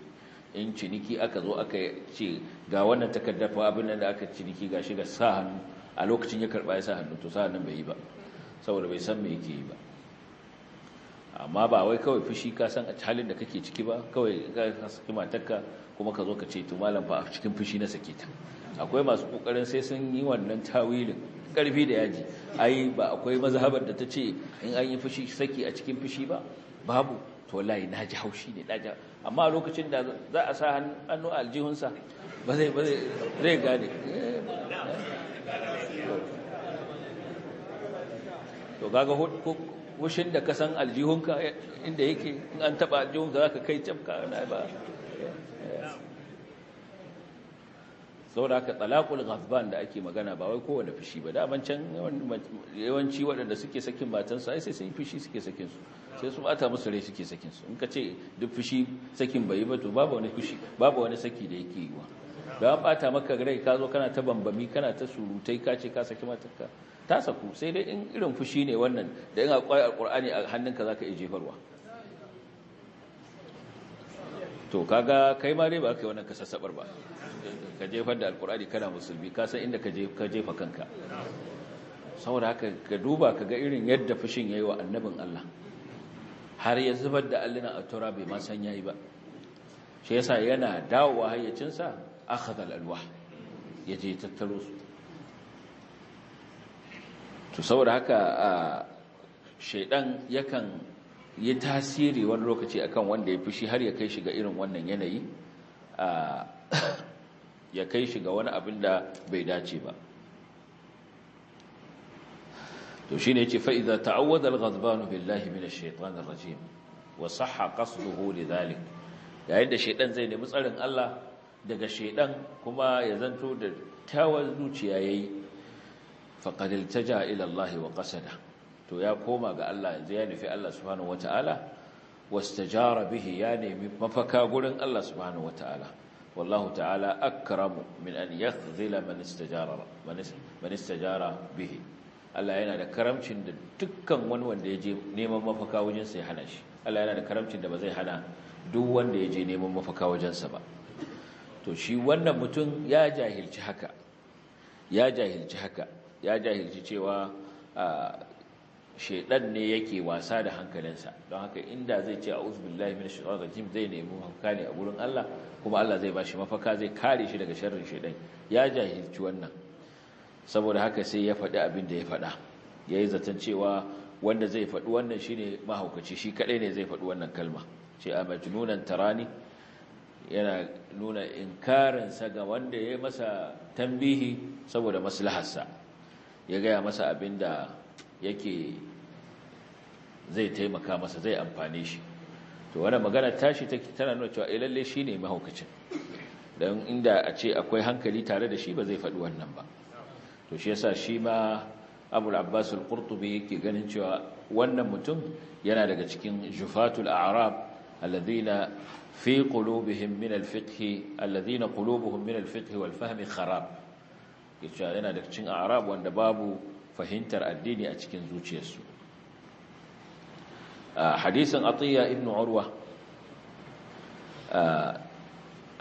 in ciniki aka zo aka ce ga wannan takardar fa abin nan da aka ciniki gashi ga sa hannu a lokacin ya karba ya sa hannu to sa hannun bai yi ba saboda bai san me yake yi ba amma ba wai kawai fushi ka san a halin da kake ciki ba kawai ka saki matarka kuma ka zo ka ce to malam ba cikin fushi na sake ta akwai masu kokarin sai sun yi wannan tawilin karfi da yaji ai ba akwai mazhabar da ta ce in an yi fushi saki a cikin fushi ba babu to wallahi na ji haushi ne daja amma lokacin da za a sa hannu aljihunsa ba zai ba zai gane eh. to gaga wushin da ka san aljihunka inda yake in an taba aljihunka za ka kai cafka na ba saboda haka talaqul da ake magana ba wai kowane fushi ba da can yawanci waɗanda suke sakin matan sai sai sun fushi suke sakin su sai su bata musu rai suke sakin su in ka ce duk fushi sakin bai ba to babu wani fushi babu wani saki da yake yi wa da an bata maka rai ka zo kana ta bambami kana ta surutai ka ce ka saki matanka ta saku sai dai in irin fushi ne wannan da in akwai alkur'ani a hannunka za ka iya jefarwa to kaga kai ma dai ba ka yi wannan kasassabar ba ka jefar da alkur'ani kana musulmi ka san inda ka jefa kanka saboda haka ka duba ka ga irin yadda fushin ya yi wa annabin Allah har ya zubar da allina a tura bai ma san ya yi ba shi yasa yana dawowa hayyacinsa akhadha alwa Ya je tattaro su to saboda haka shaidan yakan yi tasiri wani lokaci akan wanda ya fi shi har ya kai shi irin wannan yanayi ya kai shi ga wani abin da bai dace ba to shine yace fa idza ta'awwada al billahi shaitan da rajim wa saha sahha qasduhu lidhalik yayin da shaidan zai nemi tsarin Allah daga shaidan kuma ya zanto da tawaz zuciya yi. faqad iltaja ila Allah wa qasada to ya koma ga Allah yanzu ya nufi Allah subhanahu wataala wastajara bihi ya nemi mafaka gurin Allah subhanahu wataala wallahu ta'ala akramu min an yakhzila man istajara man istajara bihi Allah yana da karamcin da dukkan wani wanda ya je neman mafaka wajen ya hana shi Allah yana da karamcin da ba zai hana duk wanda ya je neman mafaka wajensa ba to shi wannan mutum ya jahilci haka ya jahilci haka ya jahilci cewa shaidan ne yake wasa da hankalinsa don haka inda zai ce a uzbillahi min da jim zai nemi mafaka ne a gurin Allah kuma Allah zai ba shi mafaka zai kare shi daga sharrin shaidan ya jahilci wannan saboda haka sai ya faɗi abin da ya faɗa ya yi zaton cewa wanda zai faɗi wannan shine mahaukaci shi kaɗai ne zai faɗi wannan kalma ce a majnunan tarani yana nuna inkarinsa ga wanda ya yi masa tambihi saboda maslaharsa ya gaya masa abin da yake zai taimaka masa zai amfane shi to wannan magana tashi tana nuna cewa eh, lalle shi ne mahaukacin don inda a ce akwai hankali tare da shi ba zai faɗi wannan ba to shi yasa shi ma abul abbas al-qurtubi yake ganin cewa wannan mutum yana daga cikin jufatul a'rab Alladina fi qulubihim min al-fiqh Alladina qulubuhum min al-fiqh wal-fahmi kharab cewa yana da cin arab wanda babu fahimtar addini a cikin zuciyarsu hadisin atiyya ibn urwa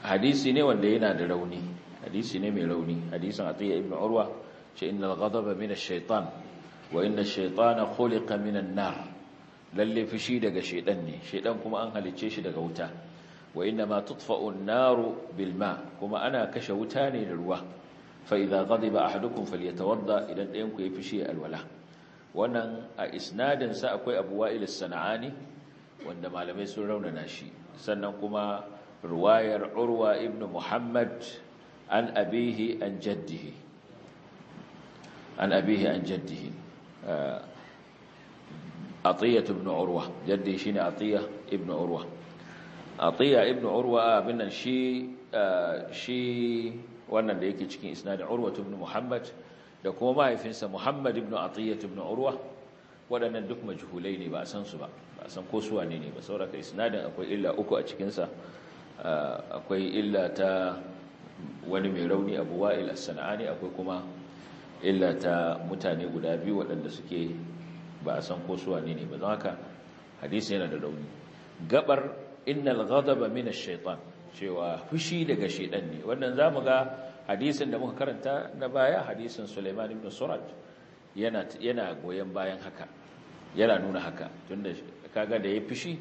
hadisi ne wanda yana da rauni hadisi ne mai rauni hadisin atiyya ibn urwa ce innal ghadaba min ash-shaytan wa inna ash-shaytana khuliqa min an-nar lalle fushi daga shaydan ne shaydan kuma an halicce shi daga wuta wa inna ma tutfa'u an-naru bil ma kuma ana kashe wuta ne da ruwa فإذا غضب أحدكم فليتوضى إلى الدين كيف شيء الولاء وأن أسناد سأكوي أبو إلى السنعاني وأن ما لم يسرون ناشي سننكما رواية عروة ابن محمد عن أبيه عن جده عن أبيه عن جده أطية آه، ابن عروة جده شين أطية ابن عروة أطية ابن عروة آه، من شي آه، شي wannan da yake cikin isnadin urwa ibn muhammad da kuma mahaifinsa muhammad ibn atiyya ibn urwa waɗannan duk majhulai ne ba a san su ba ba a san ko su wane ne ba sauraka isnadin akwai illa uku a cikinsa ah, akwai illa ta wani mai rauni abu wa'il as-sana'ani akwai kuma illa ta mutane guda biyu waɗanda suke ba a san ko su wane ne ba don haka hadisi yana da rauni gabar innal ghadaba min ash cewa fushi daga shedan ne wannan zamu ga hadisin da muka karanta na baya hadisin Sulaiman ibn Surat yana goyon bayan haka yana nuna haka tunda kaga da ya fushi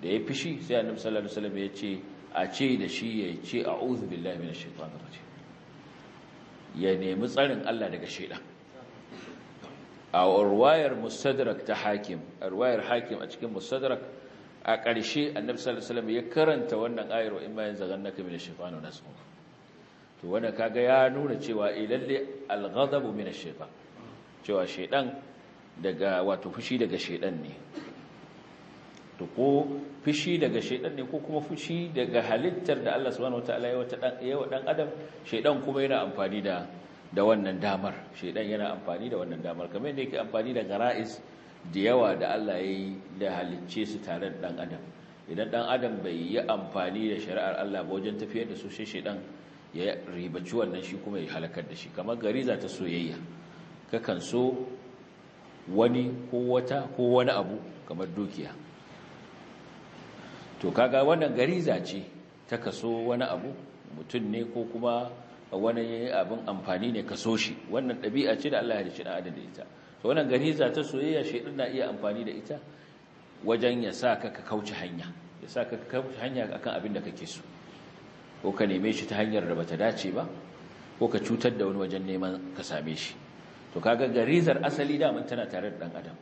da ya fushi sai Annabi sallallahu alaihi wasallam ya ce a ce da shi ya ce a'udhu billahi minash shaitanir rajim ya nemi tsarin Allah daga shedan a ruwayar mustadrak ta hakim a hakim a cikin mustadrak a ƙarshe annabi sallallahu alaihi wasallam ya karanta wannan ayar wa imma yanzaghannaka min ash-shaytanu nasqu to wannan kaga ya nuna cewa ilalle eh, al-ghadabu min ash-shaytan cewa shaydan daga wato fushi daga shaydan ne to ko fushi daga shaydan ne ko kuma fushi daga halittar da Allah subhanahu wataala ya wata dan yawa dan adam shaydan kuma yana amfani da da wannan damar shaydan yana amfani da wannan damar kamar yake amfani da gara'is da yawa da Allah ya yi da halicce su tare da ɗan adam idan ɗan adam bai yi amfani da shari'ar Allah ba wajen tafiyar da su shi shaidan ya ribaci wannan shi kuma ya halakar da shi kamar gariza ta soyayya kakan so wani ko wata ko wani abu kamar dukiya to kaga wannan gariza ce ta kaso wani abu mutum ne ko kuma wani abin amfani ne kaso shi wannan ɗabi'a ce da Allah ya halicci ɗan adam da ita To wannan ganiza ta soyayya shaidan na iya amfani da ita wajen ya sa ka ka kauce hanya ya sa ka ka kauce hanya akan abin da kake so ko ka neme shi ta hanyar da bata dace ba ko ka cutar da wani wajen neman ka same shi to kaga garizar asali daman tana tare da dan adam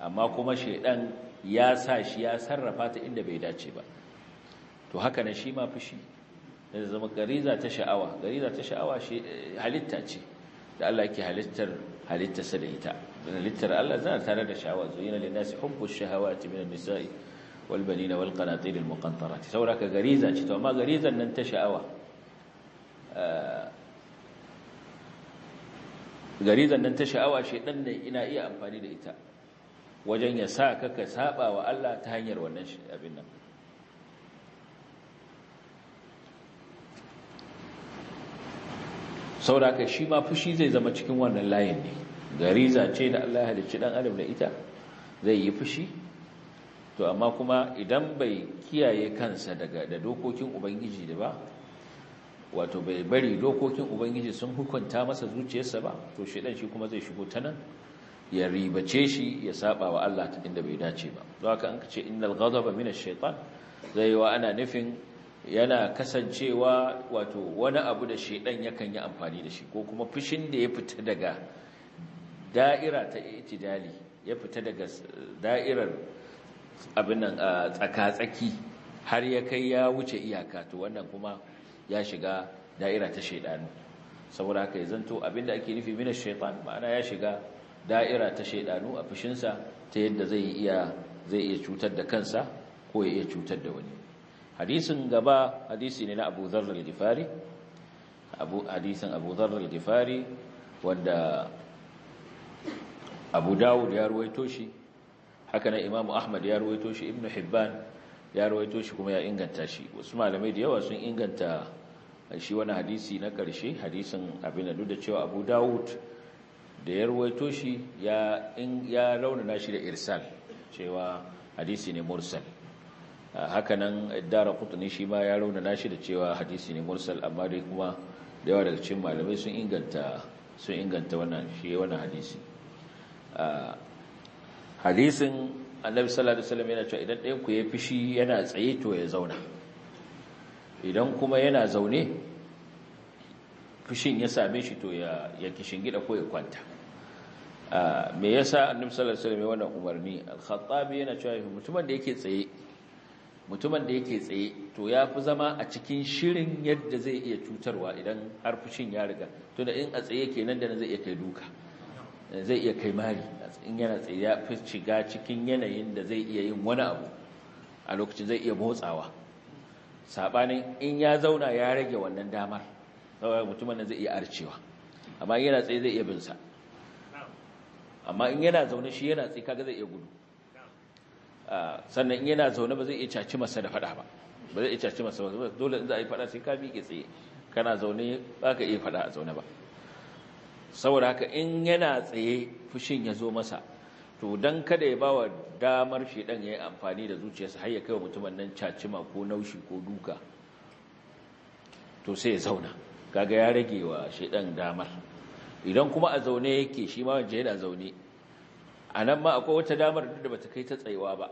amma kuma shaidan ya sa shi ya sarrafa ta inda bai dace ba to haka na shi ma fushi da zama gariza ta sha'awa gariza ta sha'awa shi eh, halitta ce da Allah yake halittar halittarsa da ita littar Allah zan tare da sha'awa zuyina lin nasi hubbu shahawati min an-nisa'i wal banina wal qanatir al muqantarat sauraka gariza ce to amma garizan nan ta sha'awa garizan nan ta sha'awa shedan ne ina iya amfani da ita wajen ya sa ka ka saba wa Allah ta hanyar wannan abin nan sauraka shi ma fushi zai zama cikin wannan layin ne gariza ce da Allah ya halicci dan adam da ita zai yi fushi to amma kuma idan bai kiyaye kansa daga da dokokin ubangiji da ba wato bai bari dokokin ubangiji sun hukunta masa zuciyarsa ba to shedan shi kuma zai shigo ta nan ya ribace shi ya saba wa Allah ta inda bai dace ba don haka an ce innal ghadaba minash shaitan zai wa ana nufin yana kasancewa wato wani abu da shedan yakan yi amfani da shi ko kuma fushin da ya fita daga da'ira ta itidali ya fita daga da'irar abin nan tsaka-tsaki har ya kai ya wuce iyaka to wannan kuma ya shiga da'ira ta shaidanu saboda haka ya zanto da ake nufi mina shaitan ma'ana ya shiga da'ira ta shaidanu a fushinsa ta yadda zai iya zai iya cutar da kansa ko ya iya cutar da wani hadisin gaba hadisi ne na Abu Dharr al-Ghifari Abu hadisin Abu Dharr al-Ghifari wanda abu dawud ya ruwaito shi haka na imamu ahmad ya ruwaito shi Ibn hibban ya ruwaito shi kuma ya inganta shi wasu malamai da yawa sun inganta shi wani hadisi na karshe hadisin abin da da cewa abu dawud da ya ruwaito shi ya raunana shi da irsal cewa hadisi ne mursal hakanan dara kutuni shi ma ya raunana shi da cewa hadisi ne mursal amma dai kuma da yawa daga cikin malamai sun inganta sun inganta wannan shi wannan hadisi hadisin annabi sallallahu alaihi wasallam yana cewa idan ɗayan ku ya fishi yana tsaye to ya zauna idan kuma yana zaune fishin ya same shi to ya gida ko ya kwanta me yasa annabi sallallahu alaihi wasallam wannan umarni al-khattabi yana cewa mutumin da yake tsaye mutumin da yake tsaye to ya fi zama a cikin shirin yadda zai iya cutarwa idan har fushin ya riga to in a tsaye kenan da zai iya kai duka zai iya kai mari in yana tsaye ya fi shiga cikin yanayin da zai iya yin wani abu a lokacin zai iya motsawa saɓanin in ya zauna ya rage wannan damar saboda mutumin nan zai iya arcewa amma in yana tsaye zai iya bin sa amma in yana zaune shi yana tsaye kaga zai iya gudu ah, sannan in yana zaune ba zai iya caci masa da faɗa ba ba zai iya caci masa ba dole in za a yi faɗa sai ka miƙe tsaye kana zaune ba ka iya faɗa a zaune ba saboda haka in yana tsaye fushin ya zo masa to don kada ya ba wa damar shaidan ya yi amfani da zuciyarsa har ya kai wa mutumin nan cacima ko naushi ko duka to sai ya zauna kaga ya rage wa shaidan damar idan kuma a zaune yake shi ma wajen yana zaune a nan ma akwai wata damar da bata kai ta tsayuwa ba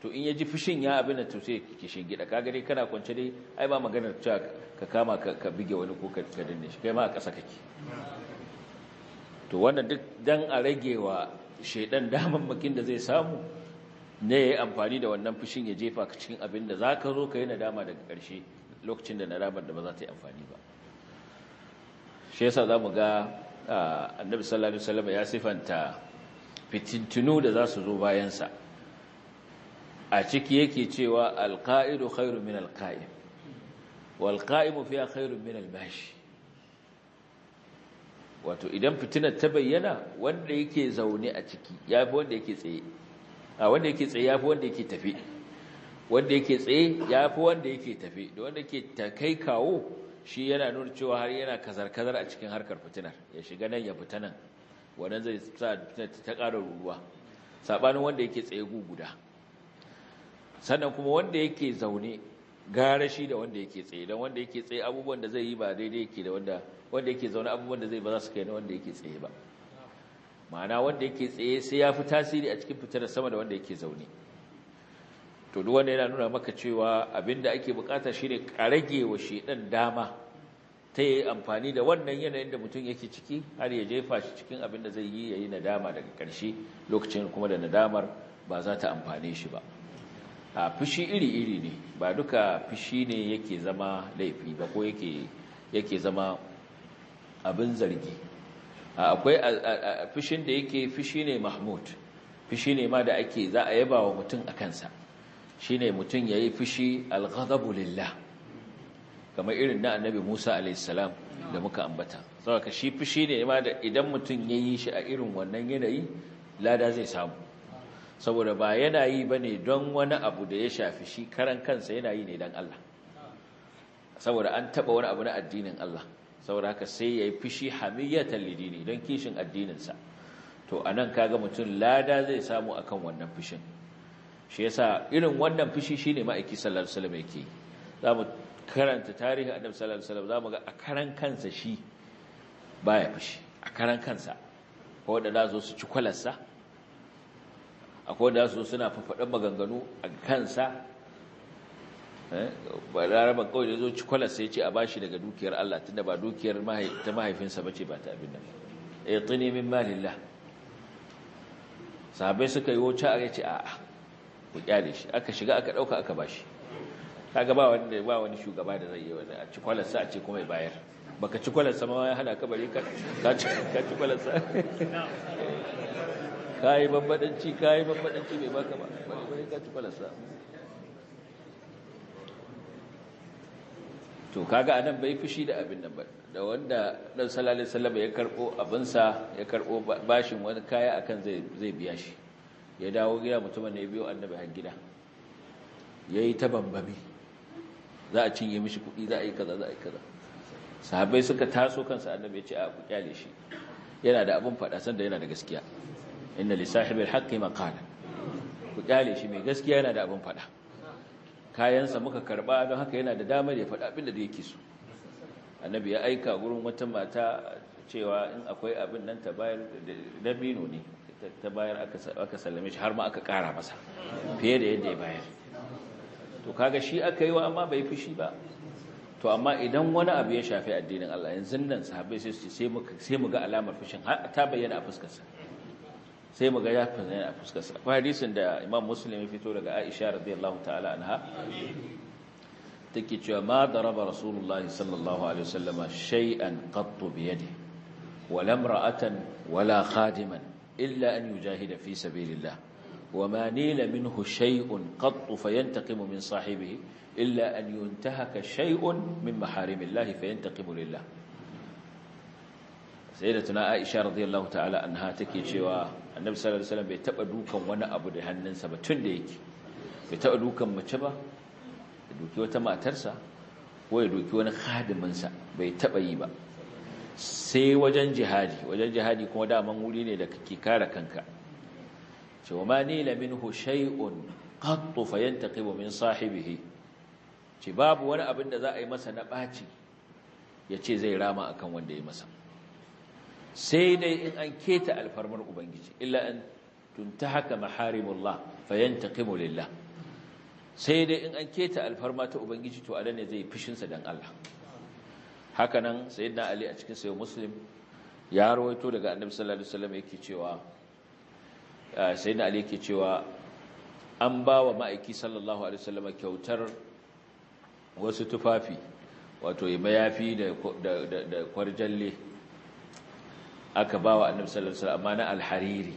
to in ya ji fushin ya abin da to sai ya kishin gida kaga dai kana kwance dai ai ba maganar cewa ka kama ka bige wani ko ka danne shi kai ma a ƙasa kake to wannan duk dan a ragewa wa shaidan damammakin da zai samu ne ya amfani da wannan fushin ya jefa ka cikin abin da za zo ka yi nadama daga ƙarshe lokacin da nadamar da ba za ta yi amfani ba shi yasa za mu ga annabi sallallahu alaihi wasallam ya sifanta fitintunu da za su zo bayansa a ciki yake cewa alqa'idu khairu min alqa'im والقائم فيها خير من min wato idan fitinar ta bayyana wanda yake zaune a ciki yafi wanda yake tsaye a wanda yake tsaye yafi wanda yake tafi wanda yake tsaye yafi wanda yake tafi da wanda yake takai kawo shi yana nuna cewa har yana kazar-kazar a cikin harkar fitinar ya shiga nan ya fita nan wanda zai sa fitinar ta ƙara ruruwa sabanin wanda yake tsaye guguda sannan kuma wanda yake zaune gara shi da wanda yake tsaye don wanda yake tsaye abubuwan da zai yi ba daidai yake da wanda wanda yake zaune abubuwan da zai ba za su kai na wanda yake tsaye ba ma'ana wanda yake tsaye sai ya fi tasiri a cikin fitar sama da wanda yake zaune to duk wanda yana nuna maka cewa abin da ake bukata shine ka rage wa shedan dama ta yi amfani da wannan yanayin da mutum yake ciki har ya jefa shi cikin abin da zai yi ya yi nadama daga ƙarshe lokacin kuma da nadamar ba za ta amfane shi ba a fushi iri-iri ne ba duka fushi ne yake zama laifi ba ko yake zama abin zargi akwai fushin da yake fushi ne mahmud fushi ne ma da ake za a yaba wa mutum a kansa shi ne mutum ya yi fushi alghadabu lillah kamar irin na annabi musa alaihissalam da muka ambata saboda shi fushi ne ma da idan mutum ya yi shi a irin wannan yanayi lada zai samu saboda ba yana yi ba ne don wani abu da ya shafi shi karan kansa yana yi ne don Allah saboda an taɓa wani abu na addinin Allah saboda haka sai ya yi fushi hamiyyatan lidini don kishin addininsa to a nan kaga mutum lada zai samu akan wannan fushin shi yasa irin wannan fushi shine ma'aiki sallallahu alaihi yake za mu karanta tarihin annabi sallallahu za mu ga a karan kansa shi baya fushi a karan ko da za su ci kwalarsa akwai da su suna fafaɗan maganganu a kansa eh, ba larabar kawai da zo cikwalar sai ce a bashi daga dukiyar Allah tunda ba dukiyar ta mahaifinsa ba ce ba ta abin nan ya eh, tuni min malillah sahabai suka yi wuce a ce a ku kyale shi aka shiga aka ɗauka aka bashi kaga ba ba wani shugaba da zai yi wani a ci kwalarsa a ce kuma ya bayar baka ci kwalarsa ma ya hana ka ka ci kwalarsa kayi babbadanci kayi babbadanci bai baka ba bane bai ka ci falasa to kaga anan bai fushi da abin nan ba da wanda dan sallallahu alaihi wasallam ya karbo abin sa ya karbo bashin wani kaya akan zai zai biya shi ya dawo gida mutumin ne biyo annabi har gida yayi ta bambami za a cinye mishi kuɗi za a yi kaza za a yi kaza sahabbai suka taso kansa annabi ya ce a ku kyale shi yana da abin faɗa sanda yana da gaskiya inna li sahibil haqqi maqala ku kyale shi mai gaskiya yana da abin fada kayansa muka karba don haka yana da damar ya fada abin da yake so annabi ya aika gurin wata mata cewa in akwai abin nan ta bayar da bino ne ta bayar aka sallame shi har ma aka kara masa fiye da yadda ya bayar to kaga shi aka yi wa amma bai fushi ba to amma idan wani abu ya shafi addinin Allah yanzu nan sahabbai sai su ce sai mu ga alamar fushin har ta bayyana a fuskar sa sai muga ya fi a fuskarsa akwai hadisin da imam musulmi fito daga aisha radiyallahu ta'ala anha take cewa ma daraba rasulullahi sallallahu alaihi wasallam shay'an qattu bi yadi wa lam ra'atan wa la khadiman illa an yujahida fi sabilillah wa ma nila minhu shay'un qattu fayantaqimu min sahibihi illa an yuntahaka shay'un min maharimillahi fayantaqimu lillah sayyidatuna aisha radiyallahu ta'ala anha take cewa annabi sallallahu alaihi wasallam bai taba dukan wani abu da hannunsa ba tun da yake bai taba dukan mace ba da duki wata matarsa ko ya duki wani sa bai taba yi ba sai wajen jihadi wajen jihadi kuma daman wuri ne da kake kare kanka ce wa ma nila minhu shay'un qat fa yantaqibu min sahibihi ce babu wani abin da za a yi masa na baci yace zai rama akan wanda ya masa sai dai in an keta alfarmar ubangiji illa an tuntahaka maharimullah fayantaqimu lillah sai dai in an keta alfarma ta ubangiji to adan ne zai fishin sa dan Allah hakanan sayyidina ali a cikin sayyid muslim ya rawaito daga annabi sallallahu alaihi wasallam yake cewa sayyidina ali yake cewa an ba wa ma'aiki sallallahu alaihi wasallam kyautar wasu tufafi wato mayafi da da da kwarjalle aka ba wa annabi sallallahu alaihi wasallam na alhariri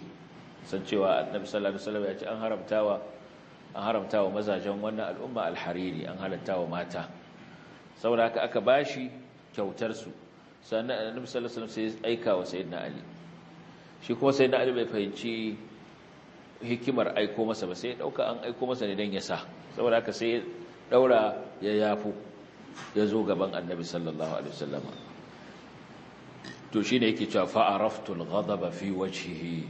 san cewa annabi sallallahu alaihi wasallam ya ce an haramtawa an haramtawa mazajen wannan al'umma alhariri an wa mata saboda haka aka bashi kyautar su sannan annabi sallallahu alaihi wasallam sai aika wa sayyidina ali shi kuma sayyidina ali bai fahimci hikimar aiko masa ba sai ya dauka an aiko masa ne dan ya sa saboda haka sai ya daura ya yafu ya zo gaban annabi sallallahu alaihi wasallam to shine yake cewa fa araftu al-ghadaba fi wajhihi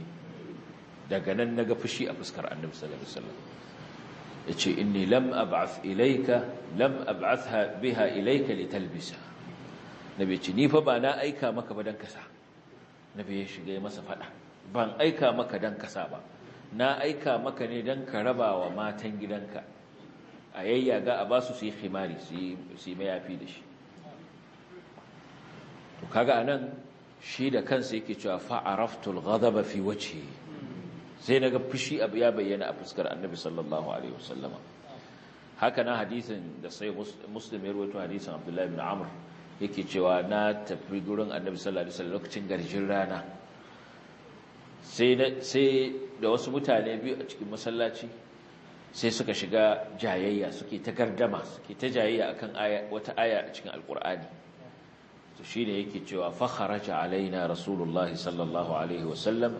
daga nan naga fushi a fuskar annabi sallallahu alaihi wasallam yace inni lam ab'ath ilayka lam ab'athha biha ilayka litalbisa nabi ce ni fa ba na aika maka ba dan kasa nabi ya shiga masa fada ban aika maka dan kasa ba na aika maka ne dan ka raba wa matan gidanka a yayyaga a basu su yi khimari su yi mayafi da shi to kaga anan shi da kansa yake cewa fa'araftul ghadaba fi wajhi sai naga fushi abu ya bayyana a fuskar annabi sallallahu alaihi wasallama haka na hadisin da sai muslim ya rawaito hadisin abdullahi ibn amr yake cewa na tafi gurin annabi sallallahu alaihi wasallam lokacin garjin rana sai da wasu mutane biyu a cikin masallaci sai suka shiga jayayya suke ta gardama suke ta jayayya akan wata aya a cikin alkur'ani to shi ne yake cewa fakharaja alaina rasulullah sallallahu alaihi wasallam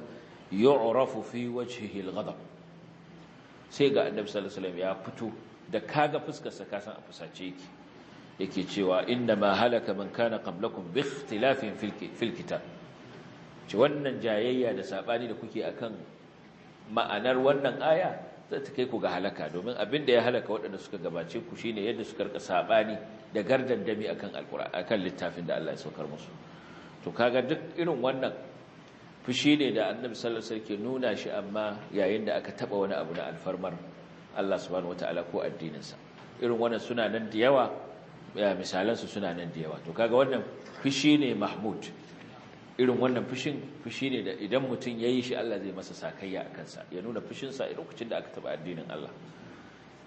yu'rafu fi wajhihi al sai ga annabi sallallahu alaihi wasallam ya fito da kaga fuskar sa kasan a fusace yake yake cewa inna ma halaka man kana qablakum bi ikhtilafin fil kitab wannan jayayya da sabani da kuke akan ma'anar wannan aya za ta kai ku ga halaka domin abin da ya halaka waɗanda suka gabace ku shine yadda suka rika sabani da gardandami akan alqur'ani akan littafin da Allah ya saukar musu to kaga duk irin wannan fushi ne da annabi sallallahu alaihi wasallam nuna shi amma yayin da aka taba wani abu na alfarmar Allah subhanahu wataala ko addininsa irin wannan suna nan da yawa misalansu suna nan da yawa to kaga wannan fushi ne mahmud irin wannan fushin fushi ne da idan mutum ya yi shi Allah zai masa sakayya a kansa ya nuna fushinsa a kucin da aka taɓa addinin Allah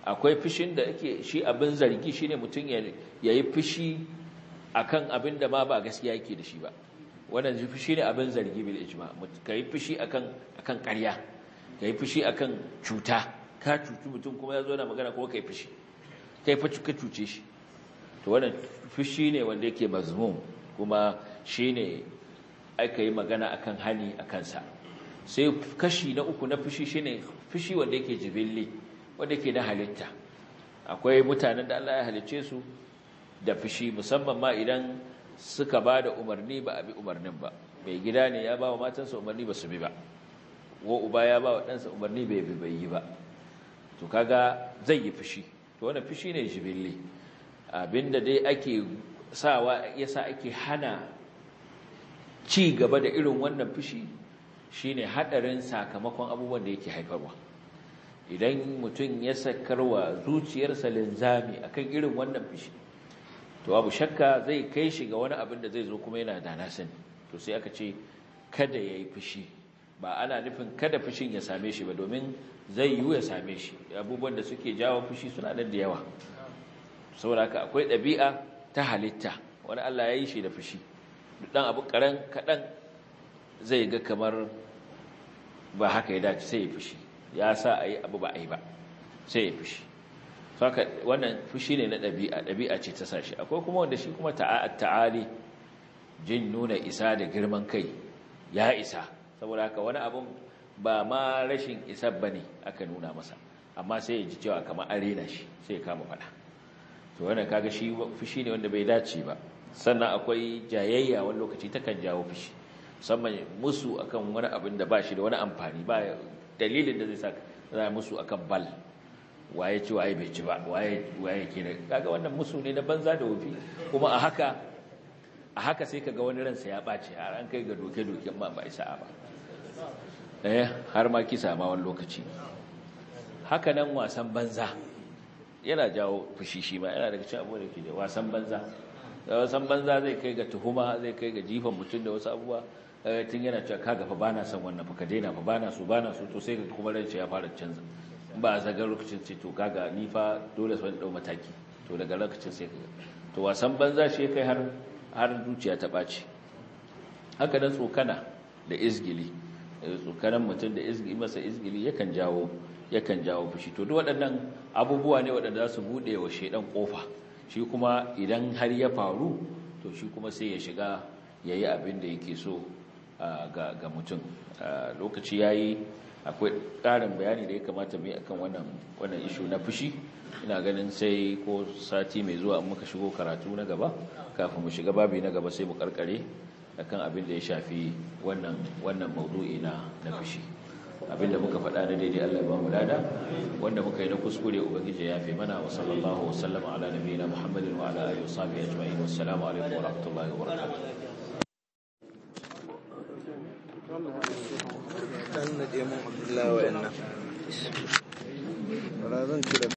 akwai fushin da ake shi abin zargi shi ne mutum ya yi fushi a kan abin da ma ba gaskiya yake da shi ba wannan fushi ne abin zargi bil ijma ka yi fushi a kan ƙarya ka yi fushi a kan cuta ka cuci mutum kuma ya zo na magana kuma ka yi fushi ka yi fushi ka cuce shi to wannan fushi ne wanda yake mazmum kuma shi ne aka yi magana akan hani a kansa sai kashi na uku na fushi shine fushi wanda yake jibilli wanda yake na halitta akwai mutanen da Allah ya halicce su da fushi musamman ma idan suka ba da umarni ba a bi umarnin ba mai gida ne ya ba wa matansa umarni ba su bi ba Wa uba ya ba wa ɗansa umarni bai bi bai yi ba to kaga zai yi fushi to wannan fushi ne jibilli abinda dai ake sawa ya sa ake hana ci gaba da irin wannan fushi ne haɗarin sakamakon abubuwan da yake haifarwa idan mutum ya sakarwa zuciyarsa linzami kan irin wannan fushi to abu shakka zai kai shi ga wani abin da zai zo kuma yana da nasin to sai aka ce kada ya yi fushi ba ana nufin kada fushin ya same shi ba domin zai yiwu ya same shi abubuwan da suke jawo fushi suna nan da yawa saboda haka akwai ɗabi'a ta halitta wani Allah ya yi shi da fushi dan abu karan kaɗan zai ga kamar ba haka ya dace sai ya fushi ya sa ayi abu ba yi ba sai ya fushi saka wannan fushi ne na ɗabi'a ɗabi'a ce ta sashi akwai kuma wanda shi kuma ta'a'at ta'ali jin nuna isa da girman kai ya isa saboda haka wani abun ba ma rashin isa ba ne aka nuna masa amma sai ya ji cewa kamar arena shi sai ya kama fada to wannan kaga shi fushi ne wanda bai dace ba sannan akwai jayayya wani lokaci ta kan jawo fushi musamman musu akan wani abin da ba shi da wani amfani ba dalilin da zai sa za a musu akan bal waye ci waye bai ci ba waye waye kenan kaga wannan musu ne na banza da wofi kuma a haka a haka sai kaga wani ransa ya bace har an kai ga doke doken ma ba isa ba eh har ma kisa ma wani lokaci haka nan wasan banza yana jawo fushi shi ma yana daga cin abubuwan da ke da wasan banza da wasan banza zai kai ga tuhuma zai kai ga jifan mutum da wasu abubuwa eh, tun yana cewa kaga fa bana son wannan fa ka daina fa bana so bana so to sai ka kuma rance ya fara canza ba a zagar lokacin ce to kaga ni fa dole sai dau mataki to daga lokacin sai ka to wasan banza shi kai har har zuciya ta baci haka dan tsokana da izgili eh, tsokanan mutum da izgili masa izgili yakan jawo yakan jawo fushi to duk waɗannan abubuwa ne waɗanda za su buɗe wa shedan kofa shi kuma idan har ya faru to shi kuma sai ya shiga ya yi abin da yake so ga mutum lokaci ya yi akwai karin bayani da ya kamata mai akan wannan ishu na fushi ina ganin sai ko sati mai zuwa muka shigo karatu na gaba kafin mu shiga babi na gaba sai mu karkare akan abin da ya shafi wannan maudu'i na fushi abinda muka faɗa na daidai Allah ya ba mu lada wanda muka yi na kuskure ubangiji ya fi mana wa sallallahu wa sallama ala nabiyina muhammadin wa ala alihi wa sahbihi ajma'in wassalamu alaikum wa rahmatullahi wa barakatuh